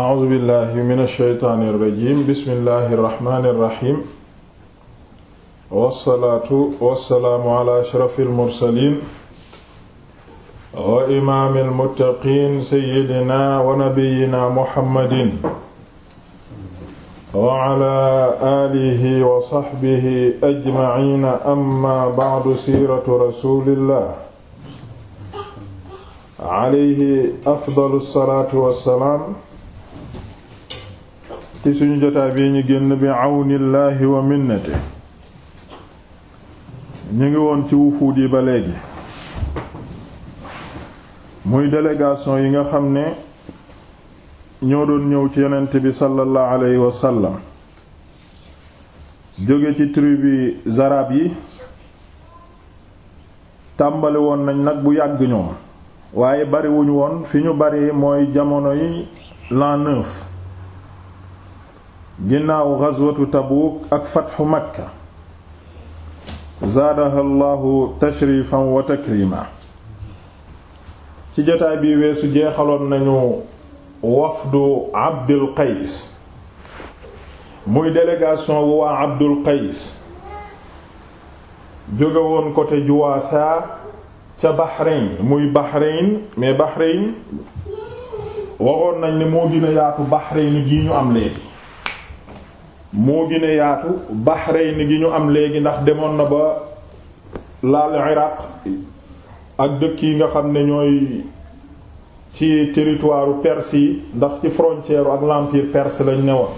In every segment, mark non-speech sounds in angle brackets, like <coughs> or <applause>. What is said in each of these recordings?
a'uuzu billahi mina shaytaani rajiim bismillahi rahmaani rahiim wassalaatu wassalaamu ala ashrafil mursaliin wa imaamil muttaqiin sayyidinaa wa nabiyyinaa muhammadin wa ala aalihi wa sahbihi ajmaciina amma bacdu siiratu rasuulillah alayhi afdalu salaatu wassalaam ci suñu jotaa bii ñu génn bi àwnillaahi wa minnate ñu ngi woon ci wufuud yi ba léegi muy délégation yi nga xam ne ñoo doon ñëw ci yonent bi sallallahu alayhi wa sallam jóge ci tribu zarab yi tàmbali woon nañ nag bu yàgg ñoom waaye bariwuñ woon fi ñu bari mooy jamono yi l'an neuf ginnaaw gazwatu tabuuk ak fatxu makka zaadaha llahu tashrifan wa takrima ci jotaay bi weesu jeexaloon nañu wafdu abdul qays muy délégation bu waa abdul qays jóge woon côté juwaasa ca bahrain muy bahrain mais bahrain waxoon nañ ne moo gën yaatu bahrain gi ñu am léegi moo gën a yaatu Bahrain gi ñu am léegi ndax demoon na ba laal Iraq ak dëkk yi nga xam ne ñooy ci territoire Perse yi ndax ci frontière ak l'empire perse lañ ne woon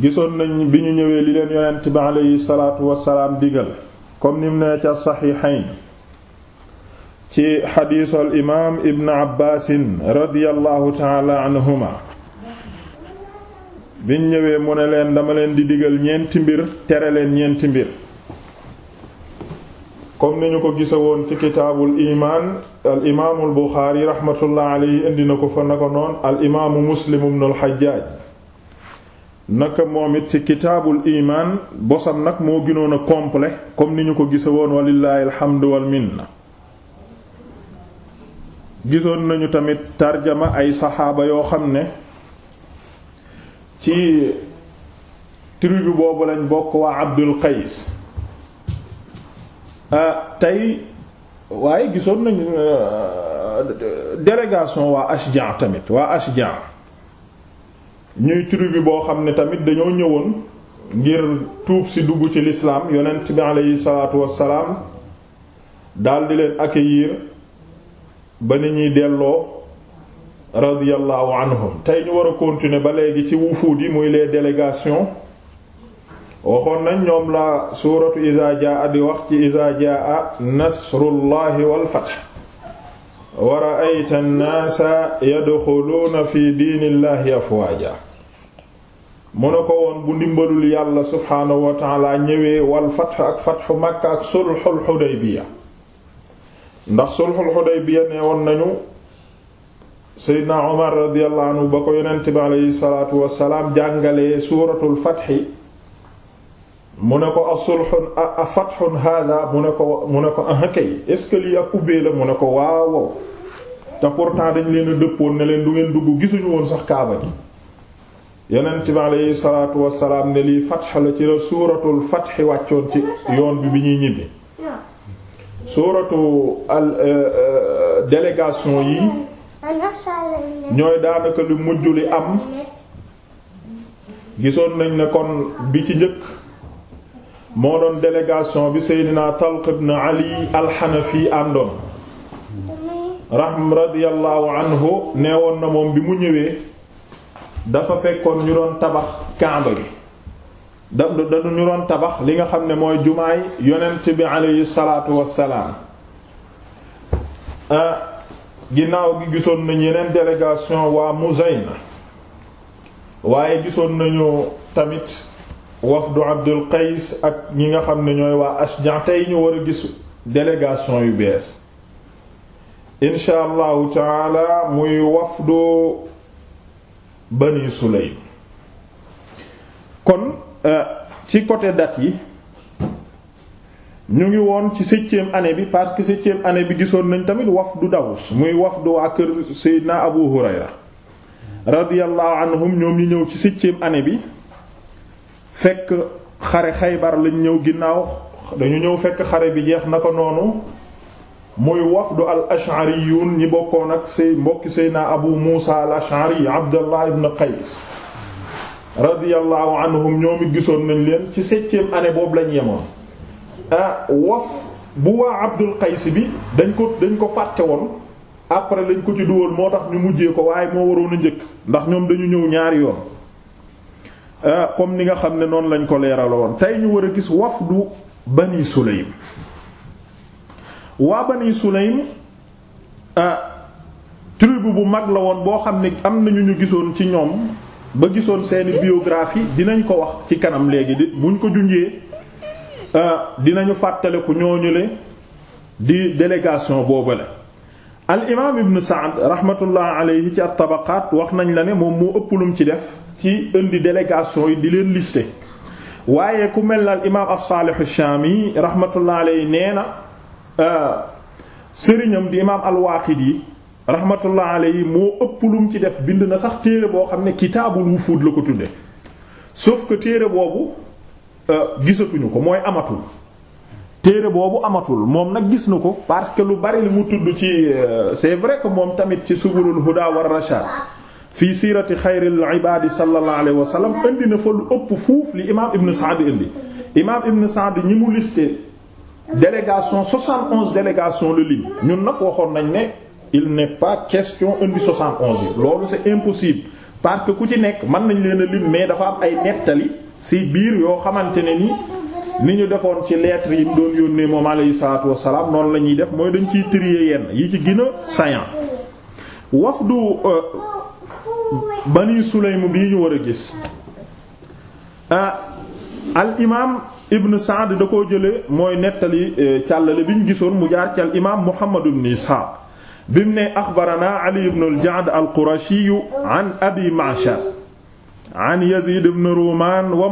gisoon nañ bi ñu ñëwee li leen yonent bi aleyhi salaatu wassalaam digal comme nim ne ca saxiixayn ci xadiisu al imaam ibn abbaasin radiyallahu taala anhuma biñ ñëwee mu ne leen dama leen di digal ñeenti mbir tere leen ñeenti mbir comme ni ñu ko gisa woon ci kitaabul imaan al imaamul buxaari raxmatullah alayhi indi na ko fa na ko noon al imaamu muslim ibnul xajjaaj naka moom it ci kitaabul imaan bosam nag moo ginoon a complet comme ni ñu ko gisa woon walillaahi alxamdu wal minna gisoon nañu tamit tarjama ay saxaaba yoo xam ne ci tribu boobu lañ bokk waa Abdul Qays ah, tey waaye gisoon nañ ah, délégation waa Ashja tamit waa Ashja ñuy tribu boo xam ne tamit dañoo ñëwoon ngir tuub si dugg ci lislaam yonent bi aleyhi salaatu wassalaam daldi leen accueillir ba ni ñuy delloo radiyallahu anhum tey ñu war a continuer ba léegi ci wufuud yi muy les délégations waxoon nañ ñoom la suuratu iza jaa di wax ci nasrullahi wal fath wa ra'ayta an-naasa fi diinillahi afwaaja mu ne ko woon bu ndimbalul yàlla subhaanahu wa ta'ala ñëwee wal fath ak fathu makka ak sulhul hudaybiya ndax sulhul hudaybiya nee woon nañu seydna omar radiallahu ba ko yonent bi aleyhi salaatu wasalaam jàngalee suuratul fatxi mu ne ko asulxun a fatxun hada mu ne ko mu ne ko ahakay est ce que lii la mu ne ko waawow te pourtant dañ leen a dëppoon ne leen du ngeen dugg gisuñu woon sax kaaba gi yonent bi aleyhi salaatu wasalaam ne lii fatx la ci la suuratul fatxi wàccoon ci yoon bi bi ñuy ñibbi suuratu al euh, euh, yi ñooy daanaka lu mujj li am gisoon nañ ne kon bi ci njëkk moo doon délégation bi Seydina Talq ibn Ali àndoon rahm radiyallahu anhu nee woon na moom bi mu ñëwee dafa fekkoon ñu doon tabax Kaaba gi da dañu doon tabax li nga xam ne mooy jumaay yonent bi aleyhi salaatu wassalaam ah, ginnaaw gi gisoon nañu yeneen délégation waa Muzayna waaye gisoon nañu tamit wafdu Abdul Qays ak ñi nga xam ne ñooy waa Ashja tey ñu war a gis délégation yu bees incha allahu taala muy wafdu Bani Sulaym kon euh, ci côté date yi ñu ngi woon ci septième année bi parce que septième année bi gisoon nañ tamit wafdu Dawus muy wafdu waa kër Seydina Abu Hurayra radiyallahu anhum ñoom ñu ñëw ci septième année bi fekk xare Xaybar lañ ñëw ginnaaw dañu ñëw fekk xare bi jeex na ko noonu muy wafdu al Ash'ariyun ñi bokkoon ak say mbokki Seydina Abu Muusa al Ash'ari Abdallah ibn Qays radiyallahu anhum ñoom it gisoon nañ leen ci septième année boobu lañ yemoon Ah, wof bu waa Abdul Qays bi dañ ko dañ ko fàtte woon après lañ ko ci duwal moo tax ñu mujjee ko waaye moo waroon a njëkk ndax ñoom dañu ñëw ñaari yoon ah, comme ni nga xam ne noonu lañ ko leeral woon tey ñu war a gis wafdu Bani Sulaym waa Bani Sulaym ah, tribu bu mag la woon boo xam ne am na ñu ñu gisoon ci ñoom ba gisoon seeni biographie dinañ ko wax ci kanam léegi di buñ ko junjee Euh, dinañu fàttaliku ñooñu le di délégation boobu la al imaam ibn Saad rahmatullah alayhi ci at-Tabaqaat wax nañ la ne moom moo ëpp lum ci def ci indi délégation yi di leen lister waaye ku mel na al imaam as-Saalih shaami rahmatullah alayhi nee na euh, sëriñam di imaam al-Waaqidi rahmatullah alayhi moo ëpp lum ci def bind na sax téere boo xam ne kitaabul wufuud la ko tudde sauf que téere boobu. Euh, gisatuñu ko mooy amatul téere boobu amatul moom nag gis na ko parce que lu bari li mu tudd ci euh, c'est vrai que moom tamit ci subulul huda war rashad fii siirati xayril ibaadi sallallahu alayhi wa sallam indi na fa lu ëpp fuuf li imaam Ibn Saad indi imaam Ibn Saad ñi mu listé délégation 71 délégation le lim ñun nag waxoon nañ ne il n'est pas question indi 71 yi loolu c'est impossible parce que ku ci nekk mën nañ leen a lim mais dafa am ay nettali si biir yoo xamante ne ni ni ñu defoon ci lettres yi mu doon yónnee moom alayhi wassalaam noonu la ñuy def mooy dañ ciy trier yenn yi ci gina a saillant du euh, bani sulaym bii ñu war a gis euh, al imaam ibn Saad da ko jële mooy nettali euh, càllale bi ñu gisoon mu jaar ci al imaam Muhammad ibn Isxaaq bi mu ne axbaranaa Ali ibn al-Ja'd al-Qurashi an Abi Ma'shar an Yazid ibn Rumaan wa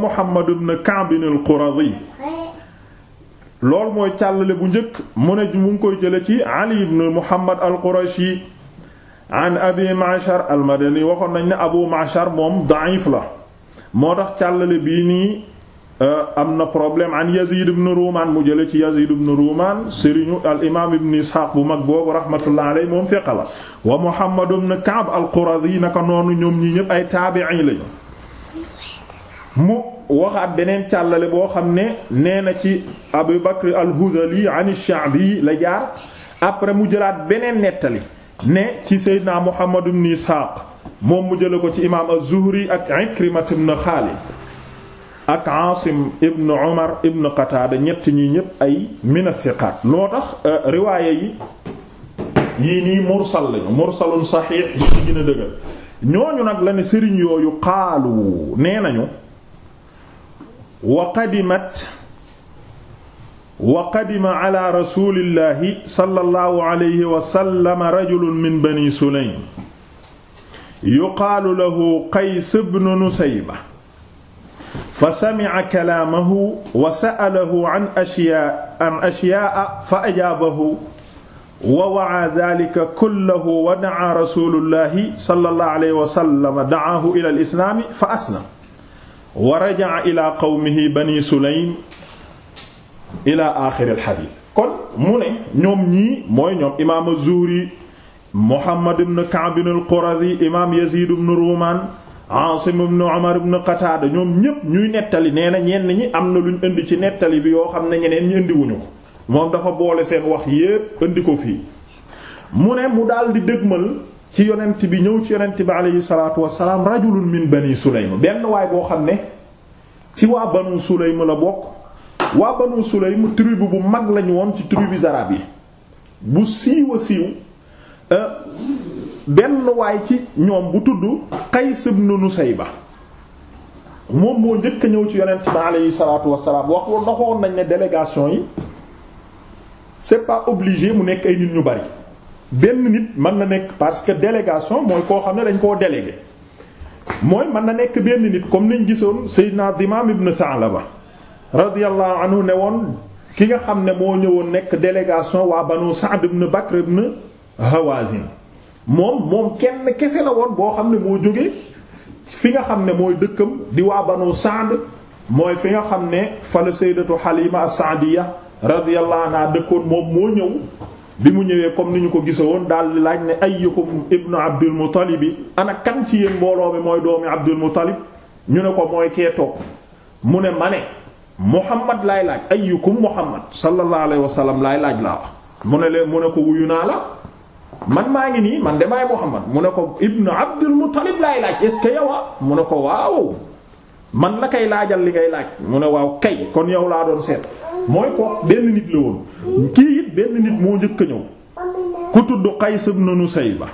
mooy càllale bu njëkk mu ne mu ngi koy jële ci Ali ibn Muhammad al-Qurashi an Abi Ma'shar al-Madani waxoon nañ ne Abu Ma'shar moom da'if la moo tax càllale bii nii euh, am na problème an Yazid ibn Rumaan mu jële ci Yazid ibn Rumaan sëriñu al imaam ibn Isxaaq bu mag boobu rahmatullah aley moom fiqa la wa Muhammad ibn Ka'b al-Quradi naka noonu ñoom ñi ñëpp ay taabi'i lañu mu waxaat beneen càllale boo xam ne nee na ci Abu Bakr al-Hudhali an ash la jaar après mu jëlaat beneen nettali ne ci Seydina Muhammad ibn Ishaq moom mu jële ko ci imaam az-Zuhri ak Ikrimat ibn ak Asim ibn Umar ibn Qatada ñett ñi ñëpp ay min as loo tax euh, riwaaya yi nii mursal lañu mursalun saxiix yi ci gën a dëgër ñooñu nag la ne sëriñ yooyu xaalu nee nañu wa qadimat wa qadima ala rasulillahi sallallahu alayhi wa sallam rajulun min bani sulaym yuqaalu lahu qays bnu nusayba fa sami'a kalaamahu wa sa'alahu an ashyaa an ashyaa'a fa ajaabahu wa wa'a dhaalika kullahu wa da'aa rasulillahi sallallahu alayhi wa sallam da'aahu ila al-islaam fa aslama wa rajaa ila qawmihi bani sulaym ila aaxiri alxadiis kon mu ne ñoom ñii mooy ñoom imaam az-Zuhri Muhammad ibn Ka'b al-Qurazi imaam Yazid ibn Rumaan Aasim ibn Umar ibn Qataada ñoom ñépp ñuy nettali nee na ñenn ñi am na luñ indi ci nettali bi yoo xam ne ñeneen ñi indiwuñu ko moom dafa boole seen wax yépp indi ko fii mu ne mu daldi dëgmal ci yonent bi ñëw ci yonent bi aleyhi salaatu wasalaam rajulun min bani sulaym benn waay boo xam ne ci waa banu sulaym la bokk waa banu sulaym tribu bu mag lañu woon ci tribu arab yi bu siiwa siiw euh, benn waay ci ñoom bu tudd Qays ibn ba moom moo njëkk ñëw ci yonent bi aleyhi salaatu wasalaam wax waxoon nañ ne délégation yi c'est pas obligé mu nekk ay nit ñu bari benn nit mën na nekk parce que délégation mooy koo xam ne dañ koo délégué mooy mën na nekk benn nit comme niñ gisoon Seydina Dimaam ibn Sa'laba radiyallahu anhu ne woon ki nga xam ne moo ñëwoon nekk délégation waa Banu Sa'd ibn Bakr ibn Hawazin moom moom kenn kese la woon boo xam ne moo jóge fi nga xam ne mooy dëkkam di waa Banu Sa'd mooy fi nga xam ne fa la Sayyidatu Halima as-Sa'diyya radiyallahu dëkkoon moom moo ñëw bi mu ñëwee comme ni ñu ko gisa woon daal laaj ne ay ayyukum ibnu abdul muttalib yi ana kan ci yéen mbooloo mi mooy doomi abdul muttalib ñu ne ko mooy keetoo mu ne ma ne muhammad laay laaj ay ayyukum muhammad sallallahu alayhi wa sallam laay laaj laa wax mu ne leen mu ne ko wuyu naa la man maa ngi nii man de maay muhammad mu ne ko ibnu abdul muttalib laay laaj est ce que mu ne ko waaw man la koy laajal li ngay laaj mu ne waaw kay kon yow laa doon seet mooy ko benn nit la woon kii it benn nit moo njëkk a ñëw ku tudd Qays ibn Nusayba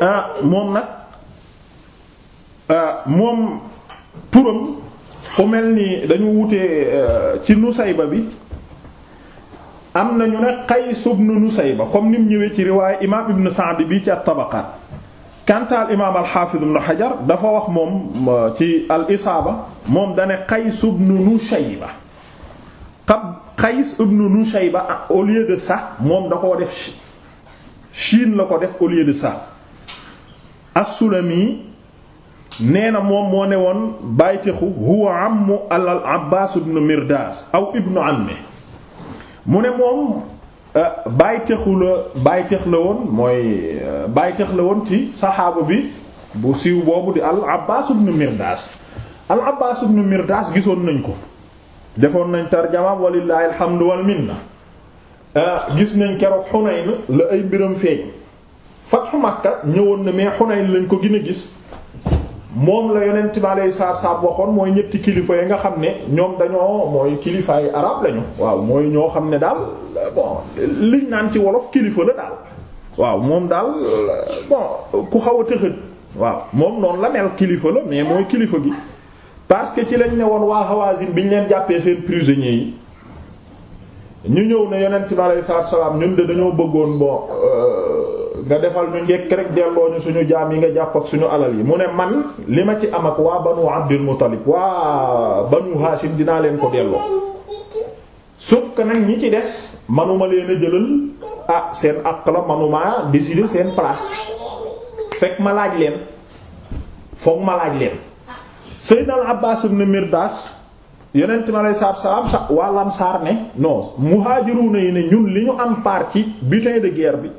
ah moom nag ah, moom turam ku mel ni dañu wute eh, ci nu Nusayba bi am na ñu ne Qays ibn Nusayba comme ni mu ñëwee ci riwaayu imaam Ibn Sa'd bi ci at-Tabaqaat kantaal imaam al-Hafiz ibn Hajar dafa wax moom eh, ci al-Isaaba moom dane Qays ibn Nusayba Qays ibn Nushayba au lieu de ça moom da koo def Chine la ko def au sax de ça as nee na moom moo ne woon baytixu huwa ammu al Abbaas ibn Mirdaas aw ibnu ammi mu ne moom euh, baytixu la baytix la woon mooy euh, baytix la woon ci saxaaba bi bu siiw boobu di al Abbaas ibn Mirdaas al Abbaas ibn Mirdaas gisoon nañ ko defoon nañ tarjamaam walillahi alhamdu wal minna ah, gis nañ keroog Xunayn la ay mbiram feeñ fatxu Makka ñëwoon na mais Xunayn lañ ko gën a gis moom la yeneen bi alayhi salaatu waxoon mooy ñetti kilifa yi nga xam ne ñoom dañoo mooy kilifa yi arab lañu waaw mooy ñoo xam ne daal bon liñ naan ci wolof kilifa la daal waaw moom daal bon ku xaw a tëxët waaw moom noonu la mel kilifa la mais mooy kilifa gi parce que ci lañ ne woon waa Hawazin bi ñu leen jàppee seen prisonniers yi ñu ñëw ne yonent bi alayhi salaatu salaam ñun de dañoo bëggoon boo euh, nga defal ñu njekk rek delloo ñu suñu jaam yi nga jàpp ak suñu alal yi mu ne man li ma ci am ak waa banu Abdul Muttalib waa banu Hashim dinaa leen ko delloo sauf que nag ñi ci des manuma leen a jëlal ah seen àq la manuma décider seen place fekk ma laaj leen foog ma laaj leen Seydina al Abbaas ibn Mirdaas yonent mi alayhi salaatu wa salaam waa Ansaar ne non muhaajiruuna yi ne ñun li ñu am part ci butin de bi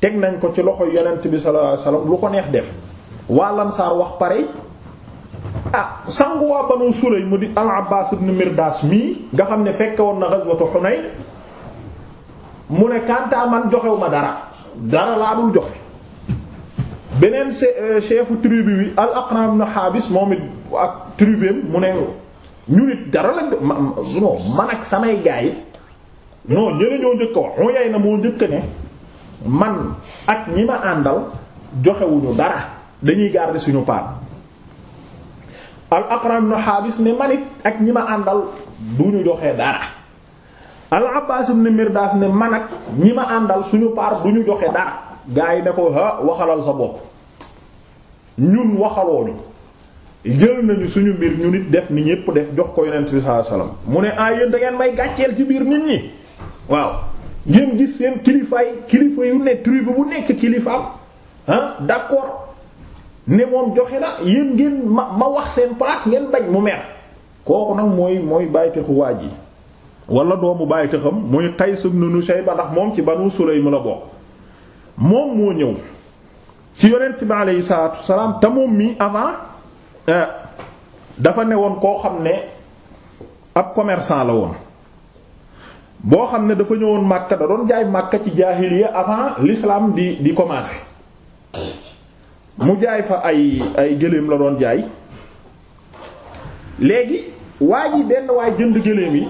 teg nañ ko ci loxo yonent bi sallallahu alayhi lu ko neex def waa Ansaar wax pare ah sangu waa Banu Sulaym mu di al Abbaas ibn Mirdaas mii nga xam ne fekk woon na ghazwatu Hunayn mu ne kanta man joxewu ma dara dara laa dul joxe beneen euh, chefu tribu bi al Aqra ibn Habis moom it ak tribuem mu ne ñu nit dara lañ ma non man ak samay gaa yi non ñeneen ñoo njëkk wax on yay na moo njëkk ne man ak ñi ma àndal joxewuñu dara dañuy garder suñu part al Aqra ibn Habis ñi ma àndal duñu joxe dara al Abbas ibn Mirdas ne man ak ñi ma àndal suñu part duñu joxe dara. gaa yi ne ko ha waxalal sa bopp ñun waxalooñu jël nañu suñu mbir ñu nit def ni ñépp def jox ko yonent bi sallallahu mu ne ah yéen da ngeen may gàcceel ci biir nit ñi waaw ngeen gis seen kilifaay kilifa yu ne tribu bu nekk kilifaam ah d'accord ne moom joxe na yéen ngeen ma ma wax seen place ngeen bañ mu mer kooku nag mooy mooy bàyyitaxu waa ji wala doomu bàyyitaxam muy Qays ibn ba ndax moom ci Banu Sulaym la bokk moom moo ñëw ci yonent bi aleyhi salaam tamoom te moom avant euh, dafa ne woon koo xam ne ab commerçant la woon boo xam ne dafa ñëwoon Makka da doon jaay Makka ci yi avant l'islam di di commencer mu jaay fa ay ay gëléem la doon jaay léegi waa ji benn waay jënd gëléem yi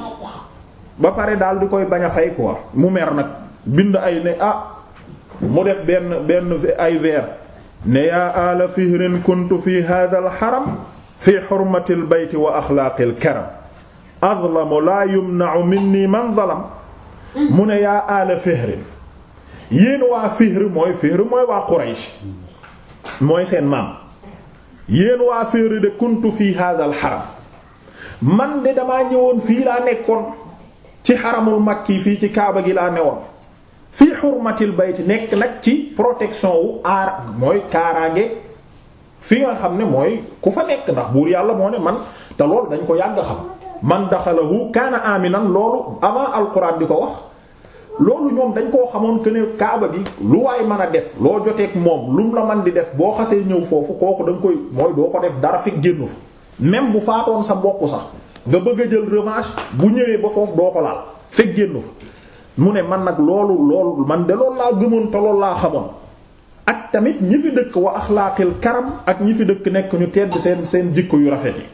ba pare daal di koy bañ a ko quoi mu mer nag bind ay ne ah mu def benn benn ay veer ne yaa aala fihrin kuntu fi hadha al haram fi hurmati al bayt wa axlaaqi al karam adlamu laa yumna'u minni man zalam mu ne yaa aala fihrin yéen waa fihr mooy fihr mooy waa Quraysh mooy seen maam yéen waa fihr de kuntu fi hadha al man de damaa ñëwoon fii laa nekkoon ci xaramul makki fii ci kaaba gi laa newoon fii xurmatil bayt nekk nag ci protection wu aar mooy kaaraange fi nga xam ne mooy ku fa nekk ndax buur yàlla moo ne man te loolu dañ ko yàgg xam man daxalahu kaana aminan loolu avant alquran di ko wax loolu ñoom dañ koo xamoon que ne kaaba gi lu waaye mën a def loo joteeg moom lum la man di def boo xasee ñëw foofu kooku da koy mooy doo ko def dara fekk génnu fa même bu faatoon sa bokk sax nga bëgg a jël revanche bu ñëwee ba foofu doo ko laal fekk génnu fa mu ne man nag loolu loolu man de loolu laa gëmoon te laa xamoon ak tamit ñi fi dëkk wa axlaaqil karam ak ñi fi dëkk nekk ñu tedd seen seen jikko yu rafet yi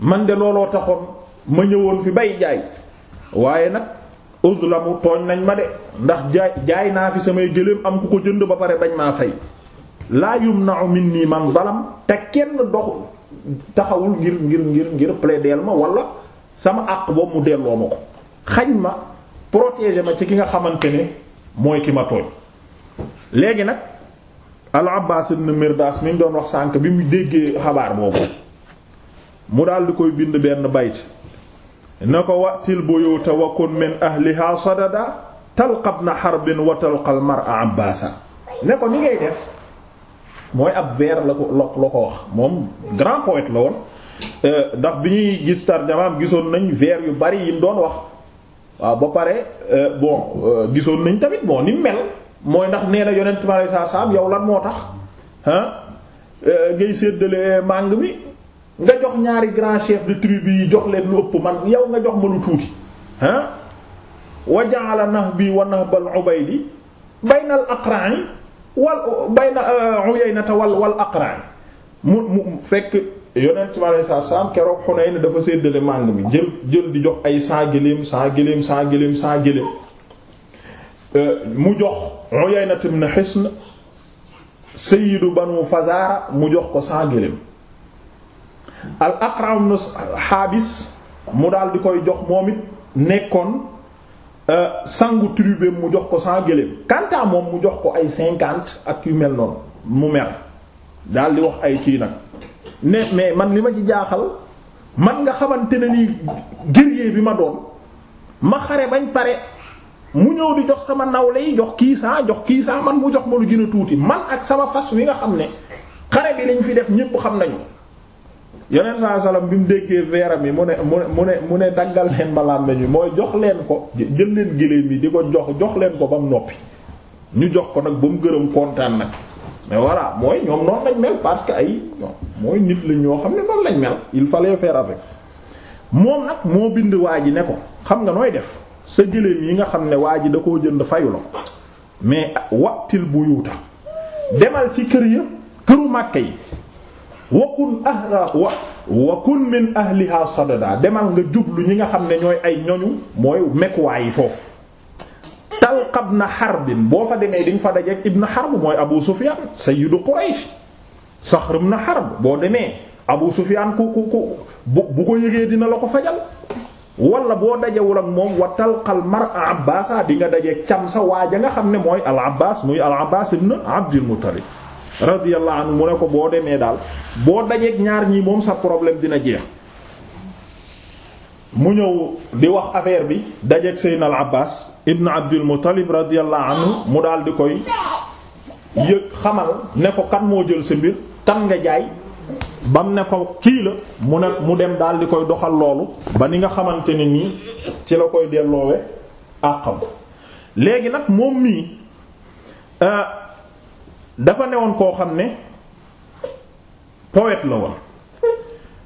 man de looloo taxoon ma ñëwoon fi bay jaay waaye nag uzlamu tooñ nañ ma de ndax jaay jaay naa fi samay gëléem am ku ko jënd ba pare bañ maa fay laa yumna'u nii man balam te kenn dox taxawul ngir ngir ngir ngir plaideel ma wala sama àq boobu mu delloo ma ko xañ ma protéger ma ci ki nga xamante ni mooy ki ma tooñ léegi nag al Abbaas Mirdaas mi ñu doon wax sànk bi mu déggee xabaar boobu mu dal di koy bind benn bayt na ko wax watil buyuta wa kun min ahliha sadada talqab na harbin wa talqal mar'a Abbaasa ne ko ni def mooy ab vers la ko la ko wax moom grand poète la woon euh, ndax bi ñuy gis tarjamaam gisoon nañ veer yu bari yi mu doon wax waaw ba pare euh, bon euh, gisoon nañ tamit bon ni mel mooy ndax nee na yonent ma saa saam yow lan moo tax ah ngay séddale màng mi nga jox ñaari grand chef de tribu yi jox leen lu ëpp man yow nga jox ma lu tuuti ah wa ja'ala nahbi wa nahbal ubaydi baynal aqra'i wal bayna uyaynata wal wal aqra'i mu mu fekk yonent bi alayhi dafa séddale mànd mi jël jël di jox ay cent gëléem cent gëléem jox gëléem cent gëléem euh, mu jox Uyayna banu Fazaara mu jox ko cent gëléem al Aqra' ibn mu daal di koy jox moom it nekkoon euh, sangu tribu mu jox ko cent gëléem moom mu jox ko ay cinquante ak yu mel noonu mu mer daal di wax ay kii nag ne mais man li ma ci jaaxal man nga xamante ne nii guerrier bi ma doon ma xare bañ pare mu ñëw di jox sama nawle yi jox kii saa jox kii saa man mu jox ma lu gën tuuti man ak sama fas wi nga xam ne xare bi lañ fi def ñépp xam nañu yeneen saa salaam bi mu déggee veeram yi mu ne mu ne mu ne mu ne daggal leen ma làmmeñ mooy jox leen ko jël leen géléem yi di ko jox jox leen ko ba mu noppi ñu jox ko nag ba mu gërëm kontaan nag mais voilà mooy ñoom noonu lañ mel parce que ay mooy nit la ñoo xam ne noonu lañ mel il fallait faire avec moom nag moo bind waa ji ne ko xam nga nooy def sa gëléem yi nga xam ne waa ji da koo jënd fayu la ko mais waqtil buyuta demal ci kër ya këru màkke yi wakun ahla wa wakun min ahliha sadada demal nga jublu ñi nga xam ne ñooy ay ñoñu mooy mekkuwaay yi foofu Uqba ibn Harb boo fa demee di nga fa dajeek ibn Harb mooy Abu Sufyan sayyidu Quraysh Saxr na Harb boo demee Abu Sufyan ku ku ku bu ko yëgee dina la ko fajal wala boo dajewul ak moom wa talqal mar'a Abbaasa di nga dajeek cam sa waaja nga xam ne mooy al Abbaas muy al Abbaas ibn Abdul Muttalib radiyallahu anhu mu ne ko boo demee daal boo dajeek ñaar ñii moom sa problème dina jeex mu ñëw di wax affaire bi dajeeg Seydina al Abbas ibn Abdul Muttalib radiyallahu anhu mu daal di koy yëg xamal ne ko kan moo jël sa mbir kan nga jaay bam ne ko kii la mu mu dem daal di koy doxal loolu ba ni nga xamante ne nii ci la koy delloowe àqam léegi nag moom mii euh, dafa newoon koo xam ne poète la woon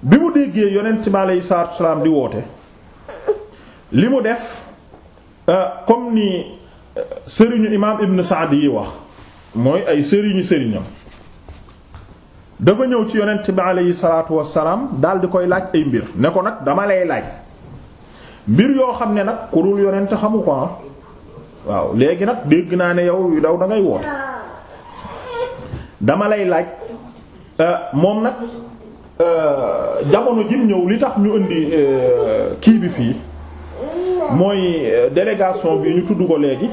bi mu déggee yonent ci aleyhi salaatu wa salaam di woote li mu def euh, comme ni euh, sëriñu imaam Ibn Saad yi wax mooy ay sëriñu sëriñam dafa ñëw ci yonent bi aleyhi salaatu wassalaam daal di koy laaj ay mbir ne ko nag dama lay laaj mbir yoo xam ne nag ku dul yonent xamu ko ah. waaw léegi nag dégg naa ne yow yu daw dangay woon dama lay laaj euh, moom nag jamono jim ñëw li tax ñu indi kii bi fii. mooy euh, délégation bi ñu tudd ko léegi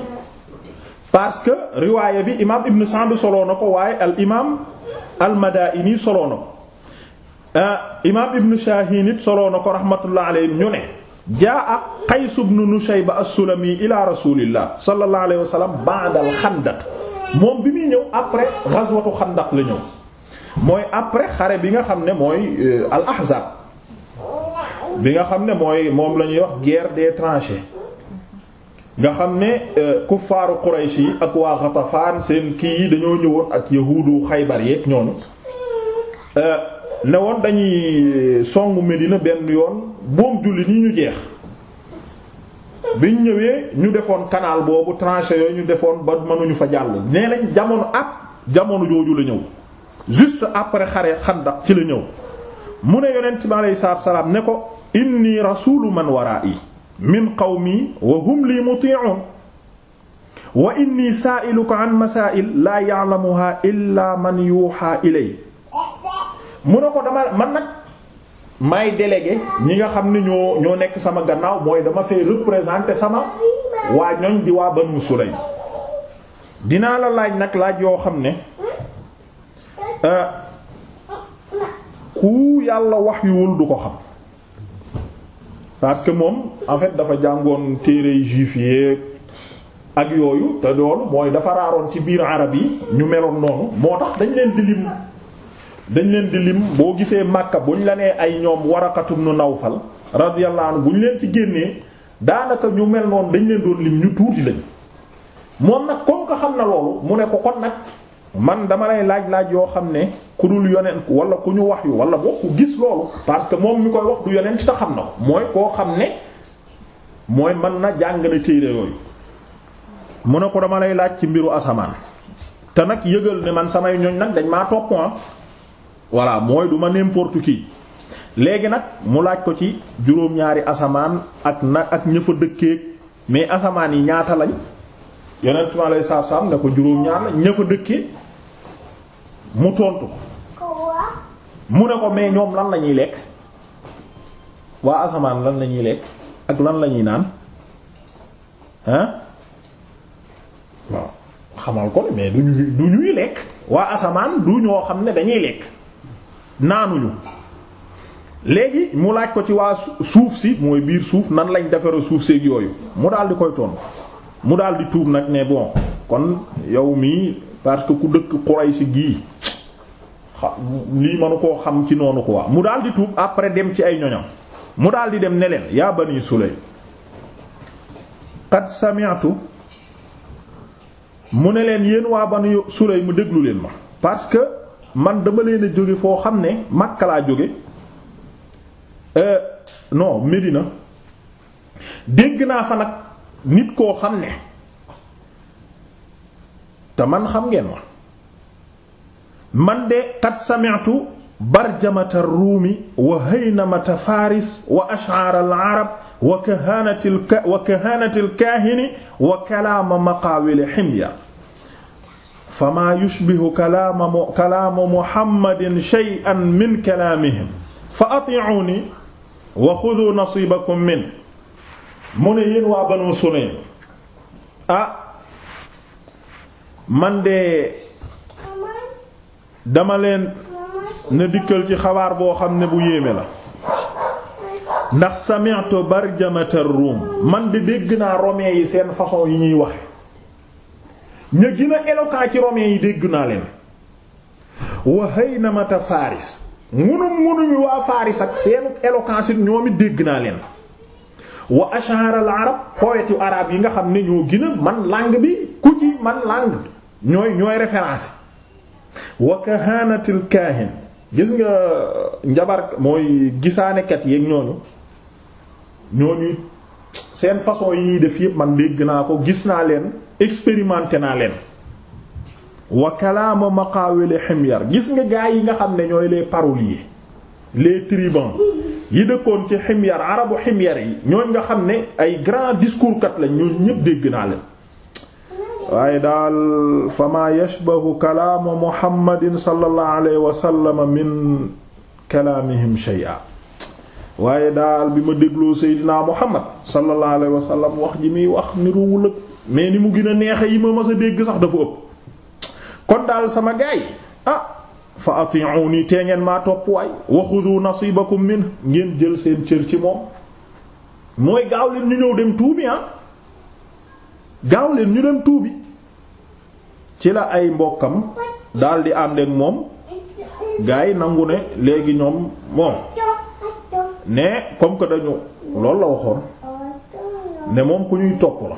parce que riwaaya bi imaam Ibn Sa'd soloo na ko waaye al imaam al Madaini soloo na ko euh, imaam Ibn Shahin it soloo na ko raxmatullah alayhi ñu ne jaa Qays ibn Nushayba as-Sulami ila rasulillah sallallahu alayhi wa sallam ba'da al-Khandaq moom bi muy ñëw après ghazwatu Khandaq la ñëw mooy après xare bi nga xam ne mooy euh, al-Ahzab bi nga xam ne mooy moom la ñuy wax guerre des tranchées nga xam ne euh, kuffaaru Quraysh yi ak waa Ghatafan seen kii yi dañoo ñëwoon ak yahuudu Xaybar yeeg ñooñu euh, ne woon dañuy euh, songu Medina benn yoon boom julli ni ñu jeex biñ ñëwee ñu defoon canal boobu tranché yooyu ñu defoon ba mënuñu fa jàll ne nañ jamono ab jamono jooju la ñëw juste après xare Xandaq ci la ñëw mu ne yonent bi alayhi salaam ne ko inni rasulu man waraa'i min qawmi wa hum li muti'un wa inni saa'iluka an masaa'il laa ya'lamuha illa man yuuha ilay mu ne ko dama man nag may délégué ñi nga xam ne ñoo ñoo nekk sama gannaaw mooy dama fay représenter sama waa ñoñ di waa Banu Sulaym dinaa la laaj nag laaj yoo xam ne euh, ku yàlla wax yuwul du ko xam parce que moom en dafa jàngoon téere juif yi ak yooyu te loolu mooy dafa raaroon ci biir arab yi ñu meloon noonu moo tax dañu leen di lim dañ leen di lim boo gisee Makka buñ la nee ay ñoom Waraqatu nu Nawfal radiyallahu anhu buñ leen ci génnee daanaka ñu mel noonu dañu leen doon lim ñu tuuti lañ moom nag comme ko xam na loolu mu ne ko kon nag. man dama lay laaj-laaj yoo xam ne ku dul yonent wala ku ñu wax yu wala boo ku gis loolu parce que moom ñu koy wax du yonent te xam na ko mooy koo xam ne mooy mën na jàngale téere yooyu mu ne ko dama lay laaj ci mbiru asamaan te nag yëgal ne man samay ñoñ nag dañ maa topp ah. voilà mooy du ma n'importe qui léegi nag mu laaj ko ci juróom-ñaari asamaan ak na ak ña fa mais asamaan yi ñaata lañ yonent ma lay saaf saaf ne ko juróom-ñaar la mu tontu mu ne ko mais ñoom lan la ñuy lekk waa asamaan lan la ñuy lekk ak lan la ñuy naan ah waaw xamal ko mais du ñuy du ñuy lekk waa asamaan du ñoo xam ne dañuy lekk naanuñu léegi mu laaj ko ci waa suuf si mooy biir suuf nan lañ defara suuf seeg yooyu mu daal di koy tontu mu daal di tuub nag ne bon kon yow mii. parce que ku dëkk Quraysh gii lii mënu koo xam ci noonu quoi mu daal di tuub après dem ci ay ñoñam mu daal di dem ne leen yaa bani Sulaym qad sami'tu mu ne leen yéen waa bani Sulaym mu déglu leen ma parce que man dama leen a jóge foo xam ne Makka laa jóge euh, non Medina dégg naa fa nag nit koo xam ne te man xam ngeen ma man de qad sami'tu barjamata ruumi wa haynamata faris wa ash'ar al-arab wa kahanati wa kahanati al-kahini wa kalaama maqaawil himya famaa yushbihu kalaama kalaama muhammadin shay'an min kalaamihim fa ati'uuni wa khudhu nasiibakum min mu ne yéen waa Banu Sulaym ah man de dama leen na dikkal ci xabaar boo xam ne bu yéeme la ndax sami'tu barjamatar ruum man de dégg naa romains yi seen façon yi ñuy waxe ña gën a ci romains yi dégg naa leen wa haynamata faaris ngunum ngunum waa faaris ak seen éloquence it ñoom dégg naa leen wa ash'ar al arab poètes yu yi nga xam ne ñoo gën man langue bi ku ci man langue ñooy ñooy référence wa kahanatil kaahin gis nga uh, njabar mooy gisaanekat yeeg ñooñu ñooñu seen façon yi def yépp man dégg naa ko gis naa leen expérimenté naa leen wa kalaama maqaawili ximyar gis nga gaa yi nga xam ne ñooy les yi les tribuns yi dëkkoon ci ximyar arabu ximyar yi ñooñ nga xam ne ay grands discours kat lañ ñooñu ñépp dégg naa leen waaye daal fa maa yashbahu kalaamu muhammadin sallallahu alayhi wa sallam min kalaamihim shay'a waaye daal bi ma dégloo seydinaa muhammad sallallahu alayhi wa sallam wax ji muy wax niruwul ak mais ni mu gën a neexe yi ma mas dégg sax dafa ëpp kon daal sama gaay ah fa ati'uni tee ngeen maa topp waay wa xudu nasibakum min ngeen jël seen cër ci moom mooy gaaw leen ñëw dem tuubi ah gaaw leen ñu dem tuubi ci la ay mbokkam daldi ànd ak moom gars yi nangu ne léegi ñoom moom ne comme que dañu loolu la waxoon ne moom ku ñuy topp la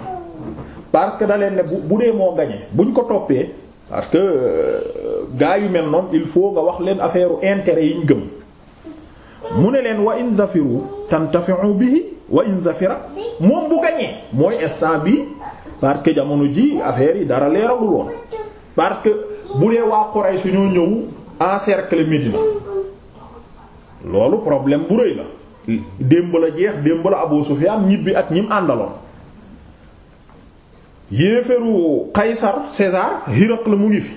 parce que da leen ne bu bu dee moo gañe buñ ko toppee parce que euh, gars yu mel noonu il faut nga wax leen affaire intérêt yi ñu gëm mu ne leen wa in zafiru tantafi'u bi wa in zafira moom bu gañee mooy instant bi parce que jamono ji affaire yi dara leeragul woon parce que bu dee waa Quraysh suñoo ñëw encercler Médina loolu problème bu rëy la démb la jeex démb la Abu Sufyan ñibbi ak ñim àndaloon yéeféru Qaysar César Hiraql la mu ngi fi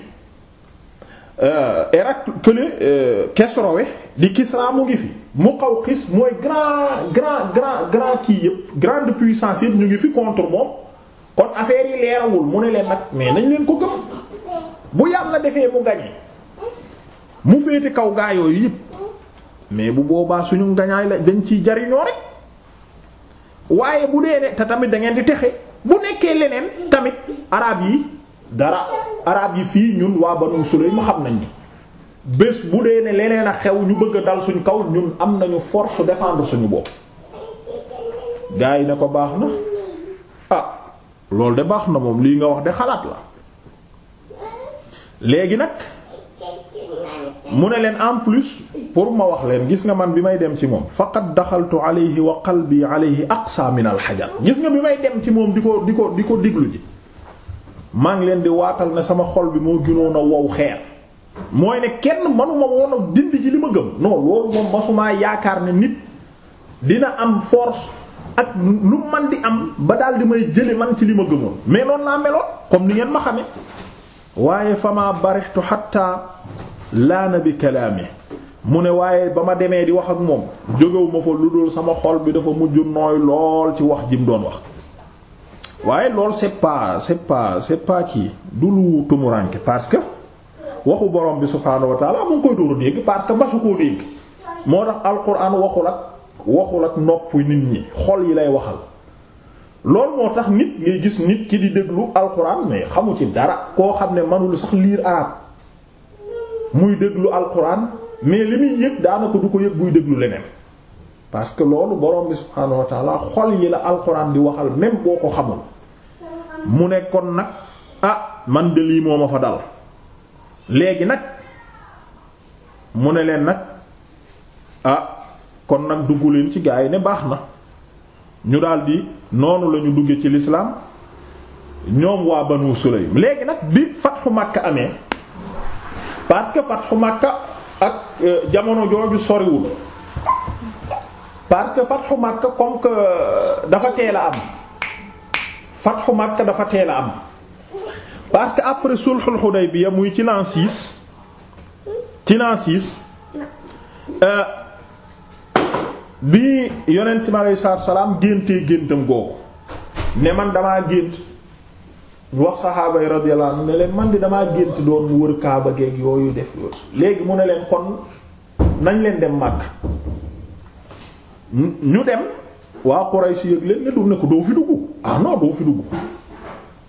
Héracle euh, kële euh, Kesrowe di Kisra mu ngi fi mu xaw Muqawqis mooy grand grand grand grand kii yëpp grande puissance yëpp ñu ngi fi contre moom kon affaire yi leerawul mu ne leen nag mais nañ leen ko gëm bu la defee mu gañe mu féete kaw gaa yooyu yëpp mais bu boobaa suñu ngañaay la dañ ciy jariñoo rek waaye bu dee ne te tamit da ngeen di texe bu nekkee leneen tamit arab yi dara arab yi fii ñun waa Banu Sulaym xam nañ bés bu dee ne leneen a xew ñu bëgg a dal suñ kaw ñun am nañu force défendre suñu bopp gaa yi ne ko baax na ah, loolu de baax na moom lii nga wax de xalaat la léegi nag mu ne leen en plus pour ma wax leen gis nga man bi may dem ci moom faqad daxaltu alayhi wa qalbi alayhi aqsa min alxajar gis nga bi may dem ci moom di ko di ko di ko diglu ji maa ngi leen di waatal ne sama xol bi moo gënoon a wow xeer mooy ne kenn manuma woon a dindi ci li ma gëm non loolu moom masumaa yaakaar ne nit dina am force ak lu man di am ba daal di may jële man ci li ma gëmoon mais noonu laa meloon comme ni ngeen ma xame waaye fama barixtu xatta laana bi kalaami mu ne waaye ba ma demee di wax ak moom jógewuma ma fa lu dul sama xol bi dafa mujj nooy lool ci wax ji mu doon wax waaye lool c'est pas c'est pas c'est pas kii parce que waxu borom bi subhaanahu wa taala mu ngi koy dóoru dégg parce que basu koo dégg moo tax alquran waxul ak waxul ak noppu nit ñi xol yi lay waxal loolu moo tax nit ngay gis nit ki di déglu alxuraan mais xamu ci dara koo xam ne manul sax liir arab muy déglu alxuraan mais li muy yëg daanaka du ko yëg buy déglu leneen parce que loolu borom bi subhaanahu wa taala xol yi la alxuraan di waxal même boo ko xamul mu ne kon nag a ah, man de lii moo ma fa dal léegi nag mu ne leen nag ah kon nag dugg leen ci gaa yi ne baax na ñu daldi noonu la ñu dugge ci lislaam ñoom waa Banu Sulaym léegi nag bi fatxu makk amee parce que fatxu makk ak euh, jamono jooju soriwul parce que fatxu Makka comme que euh, dafa teel a am fatxu Makka dafa teel a am parce que après sulhul Hudaybiya muy ci l'an six ci l'an euh, bi yonent mi aleyhi salaam géntee géntam googu ne man damaa gént wax saxaaba yi radiyallahu anhu ne leen man di damaa gént doon mu wër kaaba geeg yooyu def léegi mu ne leen kon nañ leen dem màkk ñu dem waa Quraysh yëg leen ne du ne ko doo fi dugg ah non doo fi dugg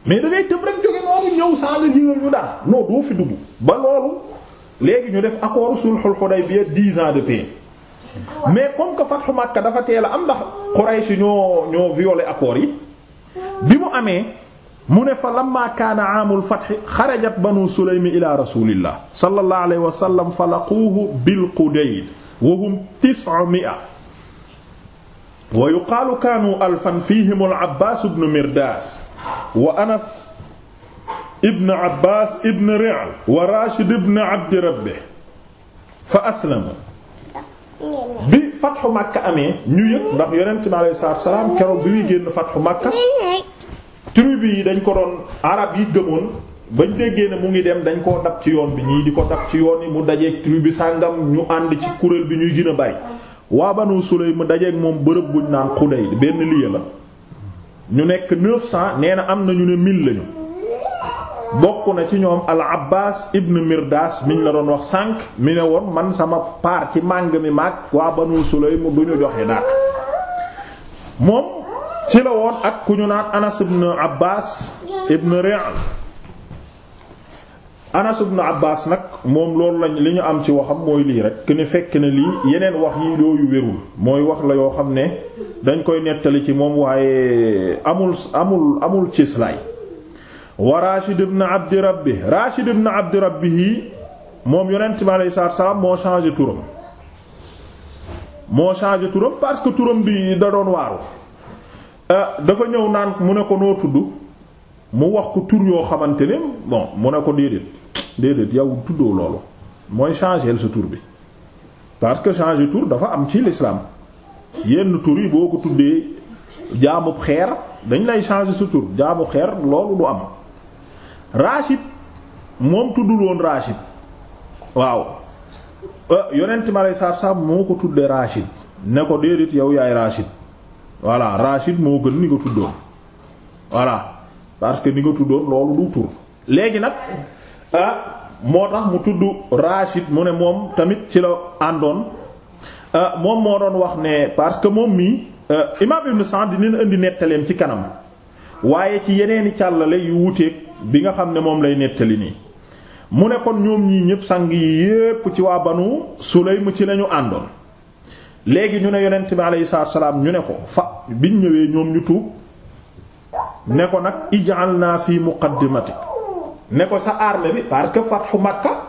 mais da ngay tëb rek jóge noonu ñëw saa nga jigal ñu daal non doo fi dugg ba loolu léegi ñu def accord sulhul Hudaybiya 10 ans de paix mais comme que fatxu Makka dafa teel a am ndax Quraysh ñoo ñoo violé accords yi bi mu amee mu ne fa lamma kaana aamul fatxi xarajat banu sulaym ila rasulillah sallallahu alayhi wa sallam fa laquuhu bil Qudayd wa hum tis'a mi'a wa yuqaalu kaanu alfan fiihim al Abbaas ibn Mirdaas wa Anas ibn Abbaas ibn Ri'l wa Raashid ibn Abdi Rabbih fa aslamu bi fatxu Makka amee ñu yëpp ndax yonent bi alayhi salaatu salaam keroog bi muy génn fatxu Makka tribu yi dañ ko doon arab yi gëmoon bañ déggee ne mu ngi dem dañ koo dab ci yoon bi ñii di ko dab ci yoon yi mu dajeeg tribu sàngam ñu ànd ci kuréel bi ñuy gën a bari waa Banu Sulaym mu dajeeg moom bërëb buñ naan Xuday benn lieu la ñu nekk 900 nee na am na ñu ne 1000 lañu. bokk na ci ñoom al abbas ibn mirdas miñ la doon wax sànq mi ne woon man sama paar ci màng mi maag waa banu sulaym du ñu joxe daal moom ci la woon ak ku ñu naan anas ibn abbas ibn ri'l anas ibn abbas nag moom loolu lañ li ñu am ci waxam mooy lii rek que ne fekk na lii yeneen wax yi yooyu wérul mooy wax la yoo xam ne dañ koy nettali ci moom waaye amul amul amul cislaay wa Rashid ibn Abdi Rabbi Rashid ibn Abdi Rabbi yii moom yonent bi alayhi salaatu salaam moo changé turam moo changé turam parce que turam bi da doon waaru euh, dafa ñëw naan mu ne ko noo tudd mu wax ko tur yoo xamante ne bon mu ne ko déedéet déedéet yow tuddoo loolu mooy changé sa tur bi parce que changé tur dafa am ci l'islam yenn tur yi boo ko tuddee jaamub xeer dañ lay changé sa tur jaamu xeer loolu du am. Rachid moom tuddu woon Rachid waaw euh, yonent ma lay moo ko tuddee Rachid ne ko déedéet yow yaay Rachid voilà Rachid moo gën ni nga tuddoon voilà parce que ni nga tuddoon loolu du tur léegi nag ah moo tax mu tudd Rachid mu ne moom tamit ci la àndoon ah, moom moo doon wax ne parce que moom mii euh, imaam Ibn Sa'd dinañ indi nettaleem ci kanam waaye ci yeneeni càllale yu wuteek bi nga xam ne moom lay nettali nii mu ne kon ñoom ñii ñépp sang yi yépp ci waa banu Sulaym ci lañu àndoon léegi ñu ne yonent bi alayhi salaatu salaam ñu ne ko fa biñ ñëwee ñoom ñu tuub ne ko nag ij'alna fi muqaddimatik ne ko sa armée bi parce que fathu Makka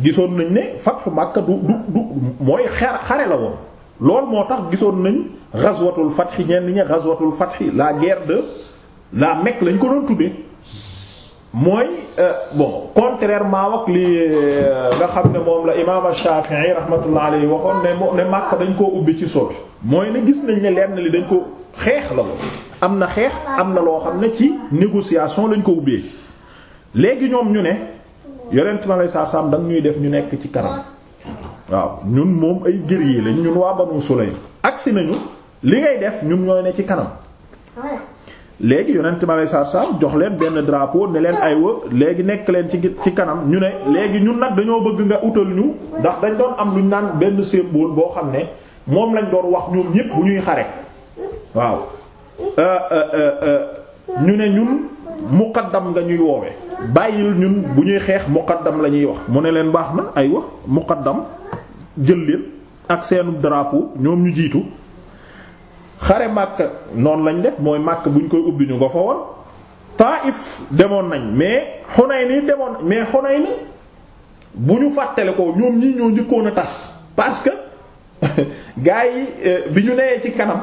gisoon nañ ne fathu Makka du du mooy xare xare la woon loolu moo tax gisoon nañ ghazwatul fath ñenn ñi ghazwatul fath la guerre de la Mecque lañ ko doon tube mooy euh, bon contrairement ak li euh, nga xam ne moom la imaam Shafi'i rahmatullah alayhi waxoon ne ne Makka dañ koo ubbi ci sol mooy ne gis nañ ne lenn li dañ ko xeex la woon am na xeex am na loo xam ne ci négociation lañ ko ubbee léegi ñoom ñu ne yonent ma lay saa saam da ñuy def ñu nekk ci kanam waaw ñun moom ay guerrier lañ ñun waa Banu Sulaym agsi nañu li ngay def ñun ñooy ne ci kanam léegi yonent ma lay saar saar jox leen benn drapeau ne leen aywa léegi nekk leen ci ci kanam ñu ne léegi ñun nag dañoo bëgg nga utal ñu ndax dañ doon am lu ñu naan benn symbole boo xam ne moom lañ doon wax ñoom ñépp bu ñuy xare waaw euh, euh, euh, ñu ne ñun muqaddam nga ñuy woowe bàyyil ñun bu ñuy xeex muqaddam la ñuy wax mu ne leen baax na aywa muqaddam jël leen ak seenu drapo ñoom ñu jiitu xare Makka noonu lañ def mooy Makka buñ koy ubbi ñu nga fa woon Taif demoon nañ mais Hunayn demoon mais Hunayn bu ñu fàttale ko ñoom ñii ñoo njëkkoon a tas parce que <laughs> gaa yi euh, bi ñu nee ci kanam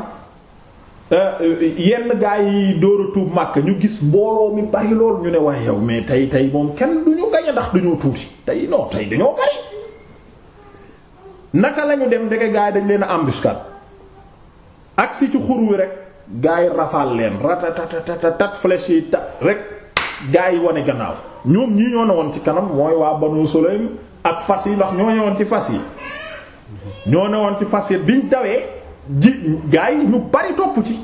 euh, yenn gaa yi dóor a tuub ñu gis mbooloo mi bari lool ñu ne waaye yow mais tey tey moom kenn du ñu gañ ndax dañoo tuuti tey non tey dañoo bari naka lañu dem ndeke gaa yi dañ leen a agsi ci xur wi rek gaa yi rafaal leen ratatatatatat flèche yi ta rek gaa yi wane gannaaw ñoom ñi ñoo ne woon ci kanam mooy waa Banu Sulaym ak fas yi ndox ñoo ne woon ci fas yi ñoo ne woon ci fas yi biñ dawee ji gaa yi ñu bari topp ci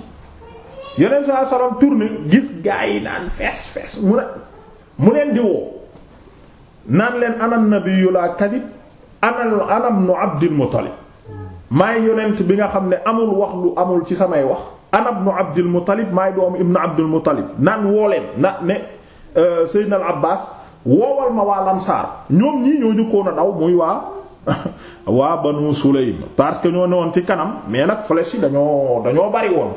yeneen saa salaam tourné gis gaa yi naan fees fees mu ne mu leen di woo naan leen anam nabiyyu la kadib anam anam nu Abdul Muttalib maay yonent bi nga xam ne amul wax lu amul ci samay wax ana ibnu abdul muttalib maay doomu ibnu abdul muttalib naan wooleen na ne euh, seydina al abbaas woowal ma waa lamsaar ñoom ñii ñoo jëkkoon a daw muy waa <laughs> waa banu sulaym parce que ñoo newoon ci kanam mais nag flèche yi dañoo dañoo bari woon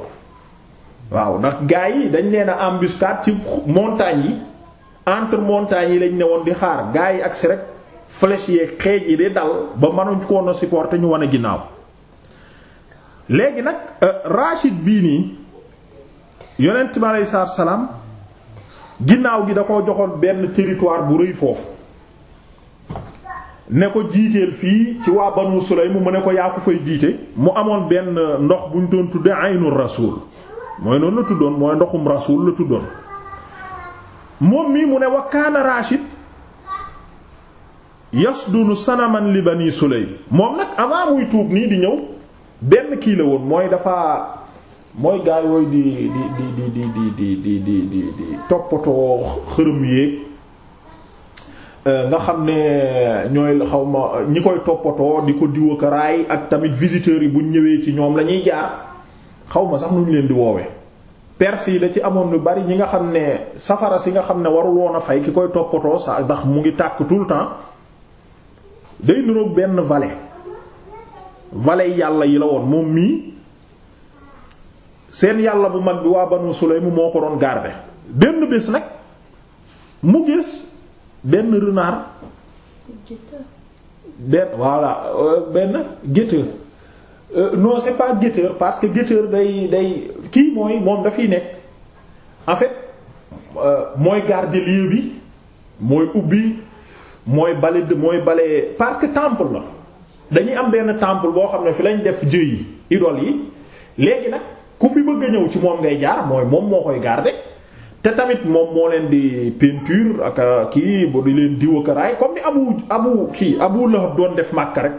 waaw ndax gaa yi dañ leen a embuscade ci montagne yi entre montagnes yi lañ newoon di xaar gaa yi ak si rek flèche yeeg xeej yi di dal ba mënuñ koon a supporter ñu wane ginnaaw léegi nag euh, Rachid bii nii yonent mi aleyhi salaatu ginnaaw gi da ko joxoon benn territoire bu rëy foofu ne ko jiiteel fii ci waa Banu Sulaym mu ne ko yaa ko fay jiite mu amoon benn ndox bu ñu doon tudde aynul rasuul mooy noonu la tuddoon mooy ndoxum rasuul la tuddoon moom mii mu ne wa kaana Rachid yasdunu sanaman li Bani Sulaym moom nag avant tuub nii di ñëw benn kii la woon mooy dafa mooy gaa yooyu di di di di di di di di di di toppatoo xërëm yéeg nga xam ne ñooy xaw ma ñi koy toppatoo di ko diwa ko raay ak tamit visiteurs yi buñ ñëwee ci ñoom la ñuy jaar xaw ma sax nu ñu leen di woowe perse yi da ci amoon lu bari ñi nga xam ne safara si nga xam ne warul woon fay ki koy toppatoo sax ndax mu ngi tàkk tout le temps day niroog benn vallée. valey yàlla yi la woon moom mii seen yàlla bu mag bi waa Banu Sulaym moo ko doon garder benn bés nag mu gis benn renard benn voilà euh, benn guetteur euh, non c'est pas guetteur parce que guetteur day day kii mooy moom dafiy nekk en fait euh, mooy garder lieu bi mooy ubbi mooy bale mooy bale parce que temple la dañuy am benn temple boo xam ne fi lañ def jëy yi yi léegi nag ku fi bëgg ñëw ci moom ngay jaar mooy moom moo koy garder te tamit moom moo leen di peinture ak euh, kii bu di leen diw ak raay comme ni abu abu kii abu lahab doon def Makka rek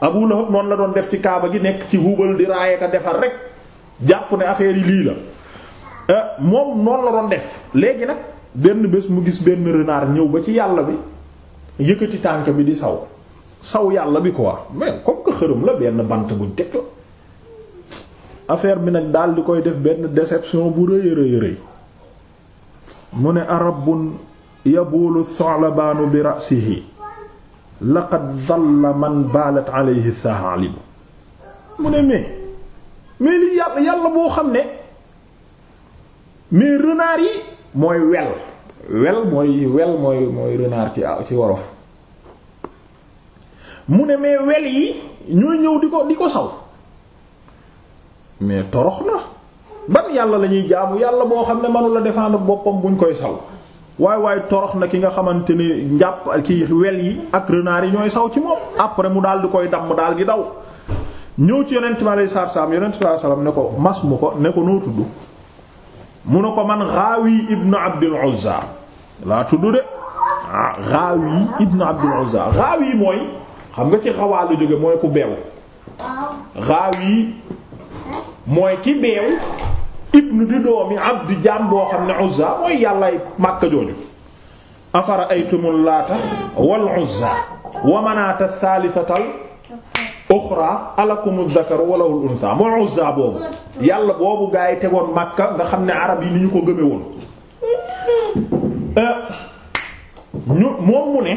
abu lahab noonu la doon def ci kaaba gi nekk ci hubal di raay ak defar rek jàpp ne affaire yi lii la euh, moom noonu la doon def léegi nag benn bés mu gis benn renard ñëw ba ci yàlla bi yëkkati tànk bi di saw saw yàlla bi quoi mais comme que xërëm la benn bant bu teg la affaire bi nag daal di koy def benn déception bu rëy rëy rëy mu ne arabun yabuulu thalabaanu bi ra'sihi laqad dalla man baalat alayhi thalibu mu ne mais mais li yàlla yàlla boo xam ne mais renard yi mooy wel wel mooy wel mooy mooy renard ci ci wolof mu ne mais wel yi ñooy ñëw di ko di ko saw mais torox na ban yàlla la ñuy jaamu yàlla boo xam ne mënu la défendre boppam buñ koy saw waaye waaye torox na ki nga xamante ni njàpp ki wel yi ak renard yi ñooy saw ci moom après mu daal di koy damm daal di daw ñëw ci yonent bi alayhi salaam yonent bi alayhi salaam ne ko mas mu ko ne ko noo tudd mu ne ko man Ghawi ibn Abdul Uzza laa tudd de ah Ghawi ibn Abdul Uzza Ghawi mooy. xam nga ci xawaa la jóge mooy ku beew xaaw yi mooy ki beew ibnu di doomi abdi jaam boo xam ne Uzza mooy yàllaay Makka jooju afara aytumul laata wal Uzza wa manaata thalithatal uxra alakumu dhakar wa lahul untha mooy xam ne arab yi ni ko gëme eh, mu ne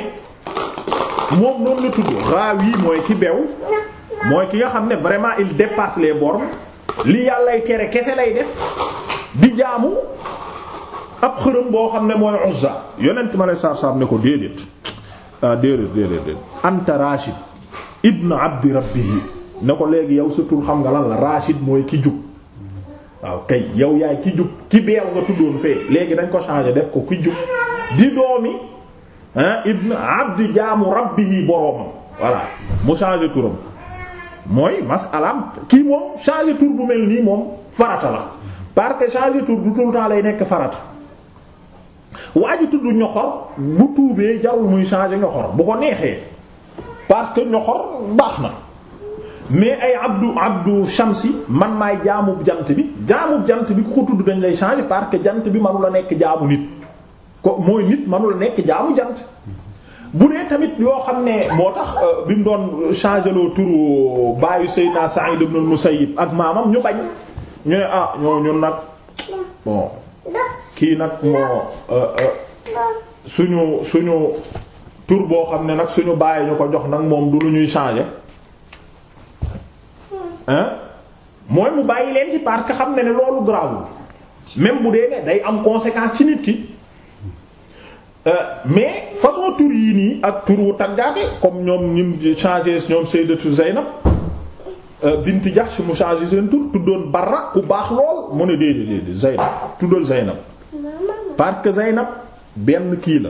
moom noonu la tudd raawi mooy ki bew mooy ki nga xam ne vraiment il dépasse les bornes li yàllay tere kese lay def di jaamu ab xërëm boo xam ne mooy Uzza yonent ma lay saab-saab ne ko déedéet ah déedéet déedéet anta Rashid ibn abdi rabbihi ne ko léegi yow sa xam nga lan la Rashid mooy ki jub waaw ah, kay yow yaay ki jub ki beew nga tuddoon fee léegi dañ ko changer def ko ki jub di doomi ibn abdi jaamu rabbihi boroomam voilà mu changé turam mooy masalaam kii moom changé tur bu mel nii moom farata la parce que changé tur du lay nekk farata waa ji tudd ñoxor bu tuubee jarul muy changé ñoxor bu ko neexee parce que ñoxor baax na mais ay abdu abdu shamsi man maay jaamu jant bi jaamu jant bi ku ko tudd dañ lay changé parce que jant bi manu la nekk jaamu nit ko mooy nit manula nekk jaamu jant bu dee tamit yoo xam ne moo tax euh, bi mu doon changé loo turu baayu Seydina Sa'id ibn al-Musayyib ak maamam ñu bañ ñu ne ah ñoo ñun nag kii nag moo euh, euh, suñu suñu tur boo xam ne nag suñu bàyyi ñu ko jox nag moom du lu ñuy changer hein mooy mu bàyyi leen ci parce que xam ne ne loolu grawul même bu dee ne day am conséquence ci nit ki Euh, mais façon tur yii nii ak tour wu taggaate comme ñoom ñim changé ñoom Sayyidatu Zaynab euh, binti Jahsh mu changé seen tur tuddoon ba ku baax lool mu ne déedéet déedéet Zaynab tuddal Zaynab parce que Zaynab benn kii la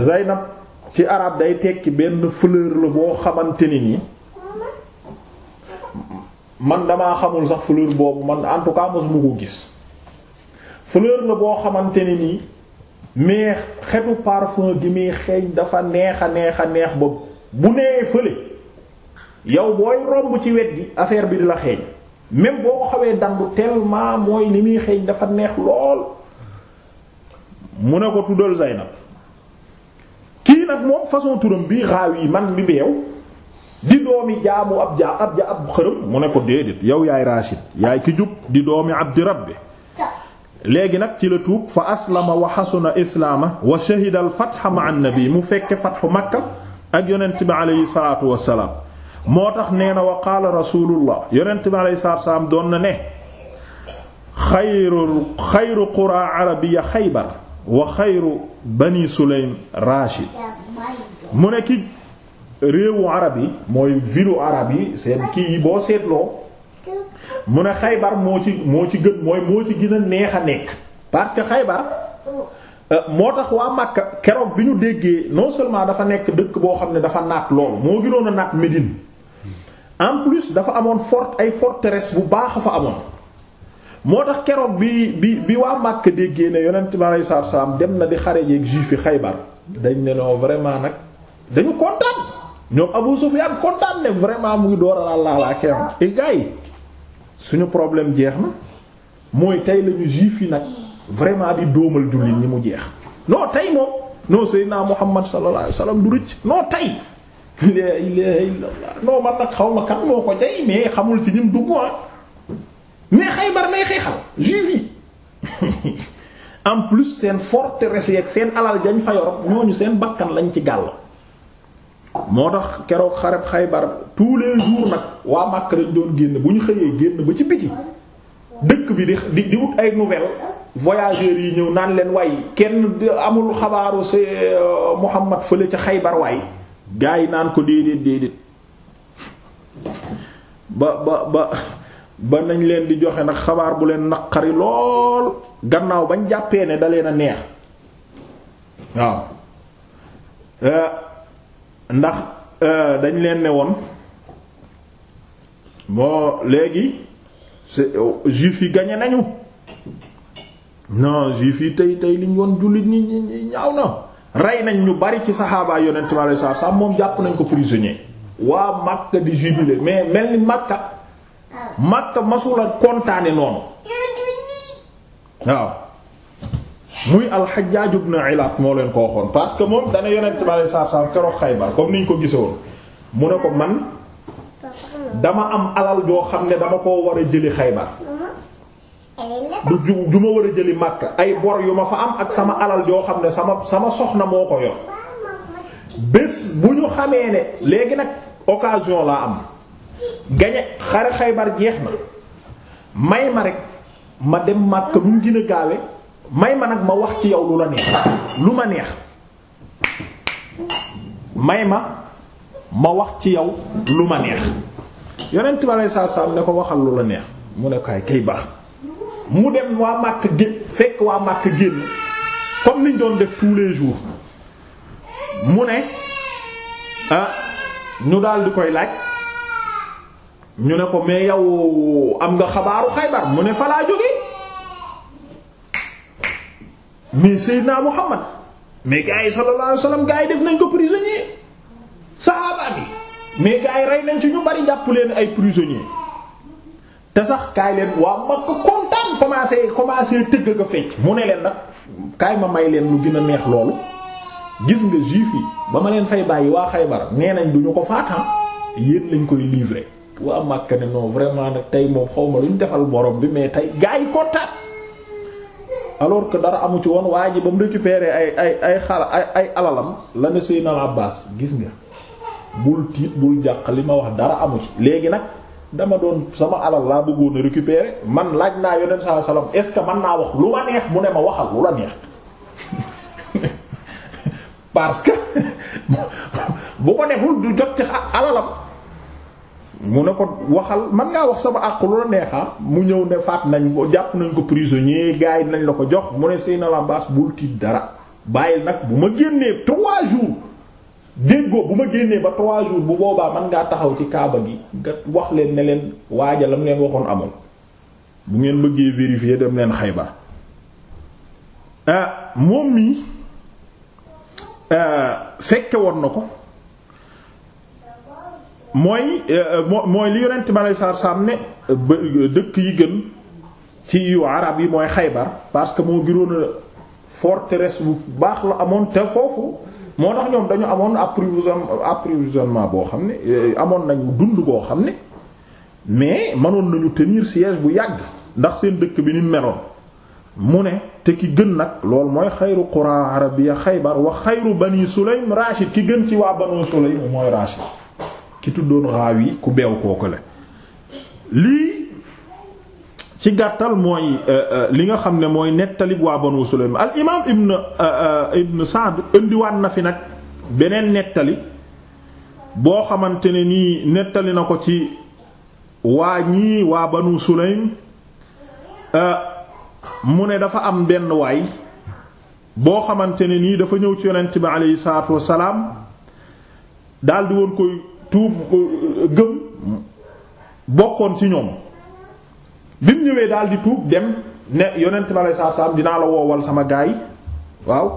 Zaynab ci arab day tekki benn fleur la boo xamante ni nii man damaa xamul sax fleur boobu man en tout cas mosuma ko gis fleur la boo xamante ni nii mais xetu parfum gi muy xeeñ dafa neex a neex a neex ba bu nee fële yow booy romb ci wet gi affaire bi di la xeeñ même boo xawee dandu tellement mooy li muy xeeñ dafa neex lool mu ne ko tuddal Zaynab kii nag moom façon turam bi raaw yi man bi beew di doomi jaamu ab ja ab xërëm mu ne ko déedéet yow yaay Rachid yaay ki jub di doomi Abdi Rabbi léegi nag ci la tuub fa aslama wa xasuna islaam wa shahida al fatha ma annabi mu fekke fathu makka ak yonent bi aleyhi salaatu wasalaam moo tax nee na wa qaala rasulullah yonent bi aleyhi salaatu wasalaam doon na ne xayru xayru qura arabiya xaybar wa xayru bani sulaym rashid mu ne ki réewu arab yi mooy viru arab yi seen kii yi boo seetloo mu ne xaybar moo ci moo ci gën mooy moo ci gina a neex a nekk parce que xaybar euh, moo tax waa Makka keroog bi ñu déggee non seulement dafa nekk dëkk boo xam ne dafa naat lool moo gënoon a naat Médine en plus dafa amoon fort ay forteresse bu baax a fa amoon moo tax keroog bi bi bi waa Makka déggee ne yonent bi alayhi salaatu salaam dem na di xare yeeg juif yi Xaybar dañ ne non vraiment nag dañu kontaan ñoom Abu Sufyaan kontaan ne vraiment mu ngi door a laal laa la suñu problème jeex na mooy tey lañu juif yi nag vraiment di dóomal jullit ñi mu jeex non tey moom non Seydina Muhammad sallallahu alayhi wasallam du rëcc non tey <laughs> la ilaha illallah non nag xaw ma kat moo ko tey mais xamul ci ñim dugg ah mais Xaybar lay xeexal juif yi <laughs> en plus seen forteresse ak seen alal jañ fa yor ñooñu seen bakkan lañ ci gàll moo tax keroog xareb Xaybar tous les jours nag waa Makka dañ doon génn bu ñu xëyee génn ba ci biti dëkk bi di di wut ay nouvelles voyageurs yi ñëw naan leen way kenn amul xabaaru si euh, Muhammad fële ca Xaybar waay gars yi naan ko déedéet déedéet ba ba ba ba nañ leen di joxe nag xabaar bu leen naqari lool gannaaw bañ jàppee ne da leen a neex waaw euh, ndax euh, dañ leen ne woon bon léegi c'est euh, juif yi gañe nañu non juif yi tey tey liñ woon jullit ñi ñi ñaaw na rey nañ ñu bari ci saxaabaa yonent mi alayhi salaam moom jàpp nañ ko prisonnier waa Makka di jubilé mais mel ni Makka Makka masula kontaane noonu waaw muy al-Hajjaj na Ilat moo leen ko waxoon parce que moom dana yonent bi alayhi salaatu salaam keroog Xaybar comme niñ ko gisoon mu ne ko man dama am alal joo xam ne dama koo war a jëli Xaybar du ju ma war a jëli Makka ay bor yu ma fa am ak sama alal joo xam ne sama sama soxna moo ko yor bés bu ñu xamee ne léegi nag occasion laa am gañe xare Xaybar jeex na may ma rek ma dem Makka mu gën a gaawe may ma nag ma wax ci yow lu la neex lu ma neex may ma ma wax ci yow lu ma neex yonent bi aleyhi salaatu salaam ne ko waxal lu la neex mu ne kaay kay mu dem waa Makka gé fekk waa Makka génn comme niñ doon def tous les jours mu ne ah ñu daal di koy laaj ñu ne ko mais yow am nga xabaaru Xaybar mu ne fa jóge mais Seydina Muhammad mais gars yi sallallahu alayhi wasallam gars yi def nañ ko prisonnier saxaaba bi mais gars yi rey nañ ci ñu bari jàpp leen ay prisonnier te sax kaay leen waa Makka kontaan commencé commencé tëgg ak a fecc mu ne leen nag kaay ma may leen lu gën a neex loolu gis nga juif yi ba ma leen fay bàyyi waa Xaybar nee nañ du ñu ko faatan ah. yéen lañ koy livrer waa Makka ne non vraiment nag tey moom xaw ma lu ñu defal borom bi mais tey gars yi kontaan. alors que dara amu ci woon waa ji ba mu récupéré ay ay ay xala ay ay alalam la ne Seydina Abbas gis nga bul tiit bul jàq li ma wax dara amu ci léegi nag dama doon sama alal laa bëggoon a récupérer man laaj naa yonent sallallahu alayhi wasallam est-ce que mën naa wax lu la neex mu ne ma waxal lu la neex <laughs> parce que <laughs> bu ko deful du jot ci alalam mu ne ko waxal man ngaa wax sama àq la neexa ah? mu ñëw ne faat nañ ko jàpp nañ ko prisonnier gars yi nañ la ko jox mu ne Seydina Abbas bul tiit dara bàyyil nag bu ma génnee trois jours déggoo bu ma génnee ba trois jours bu boobaa man ngaa taxaw ci kaaba gi nga wax leen ne leen waaja la mu leen waxoon amul bu ngeen bëggee vérifier dem leen Xaybar ah moom mi ah, fekke woon na ko mooy euh, mooy li yonent ma lay saar saam dëkk yi gën ci yu arab yi mooy xaybar parce que moo giroon a forteresse bu baax la amoon te foofu moo tax ñoom dañu amoon approvisionnement approvisionnement boo xam ne euh, amoon nañu dund boo xam ne mais manoon nañu tenir siège bu yàgg ndax seen dëkk bi ni meloon mu ne te ki gën nag loolu mooy xayru qura arabia xaybar wa xayru bani sulaym rachid ki gën ci waa banu sulaym mooy rachid ki tuddoon raaw yi ku beew kooku la lii ci gàttal mooy euh, euh, li nga xam ne mooy nettali waa Banu Sulaym al imaam Ibn euh, Ibn indiwaat na fi nag beneen nettali boo xamante ne nii nettali na ko ci waa ñii waa Banu Sulaym mu ne dafa am benn waay boo xamante ne nii dafa ñëw ci yonent bi aleyhi salaatu wa salaam daldi woon koy. tuub euh, gëm bokkoon ci ñoom bi mu ñëwee daal di tuub dem ne yonent ma lay saab saab dinaa la woowal sama gaay waaw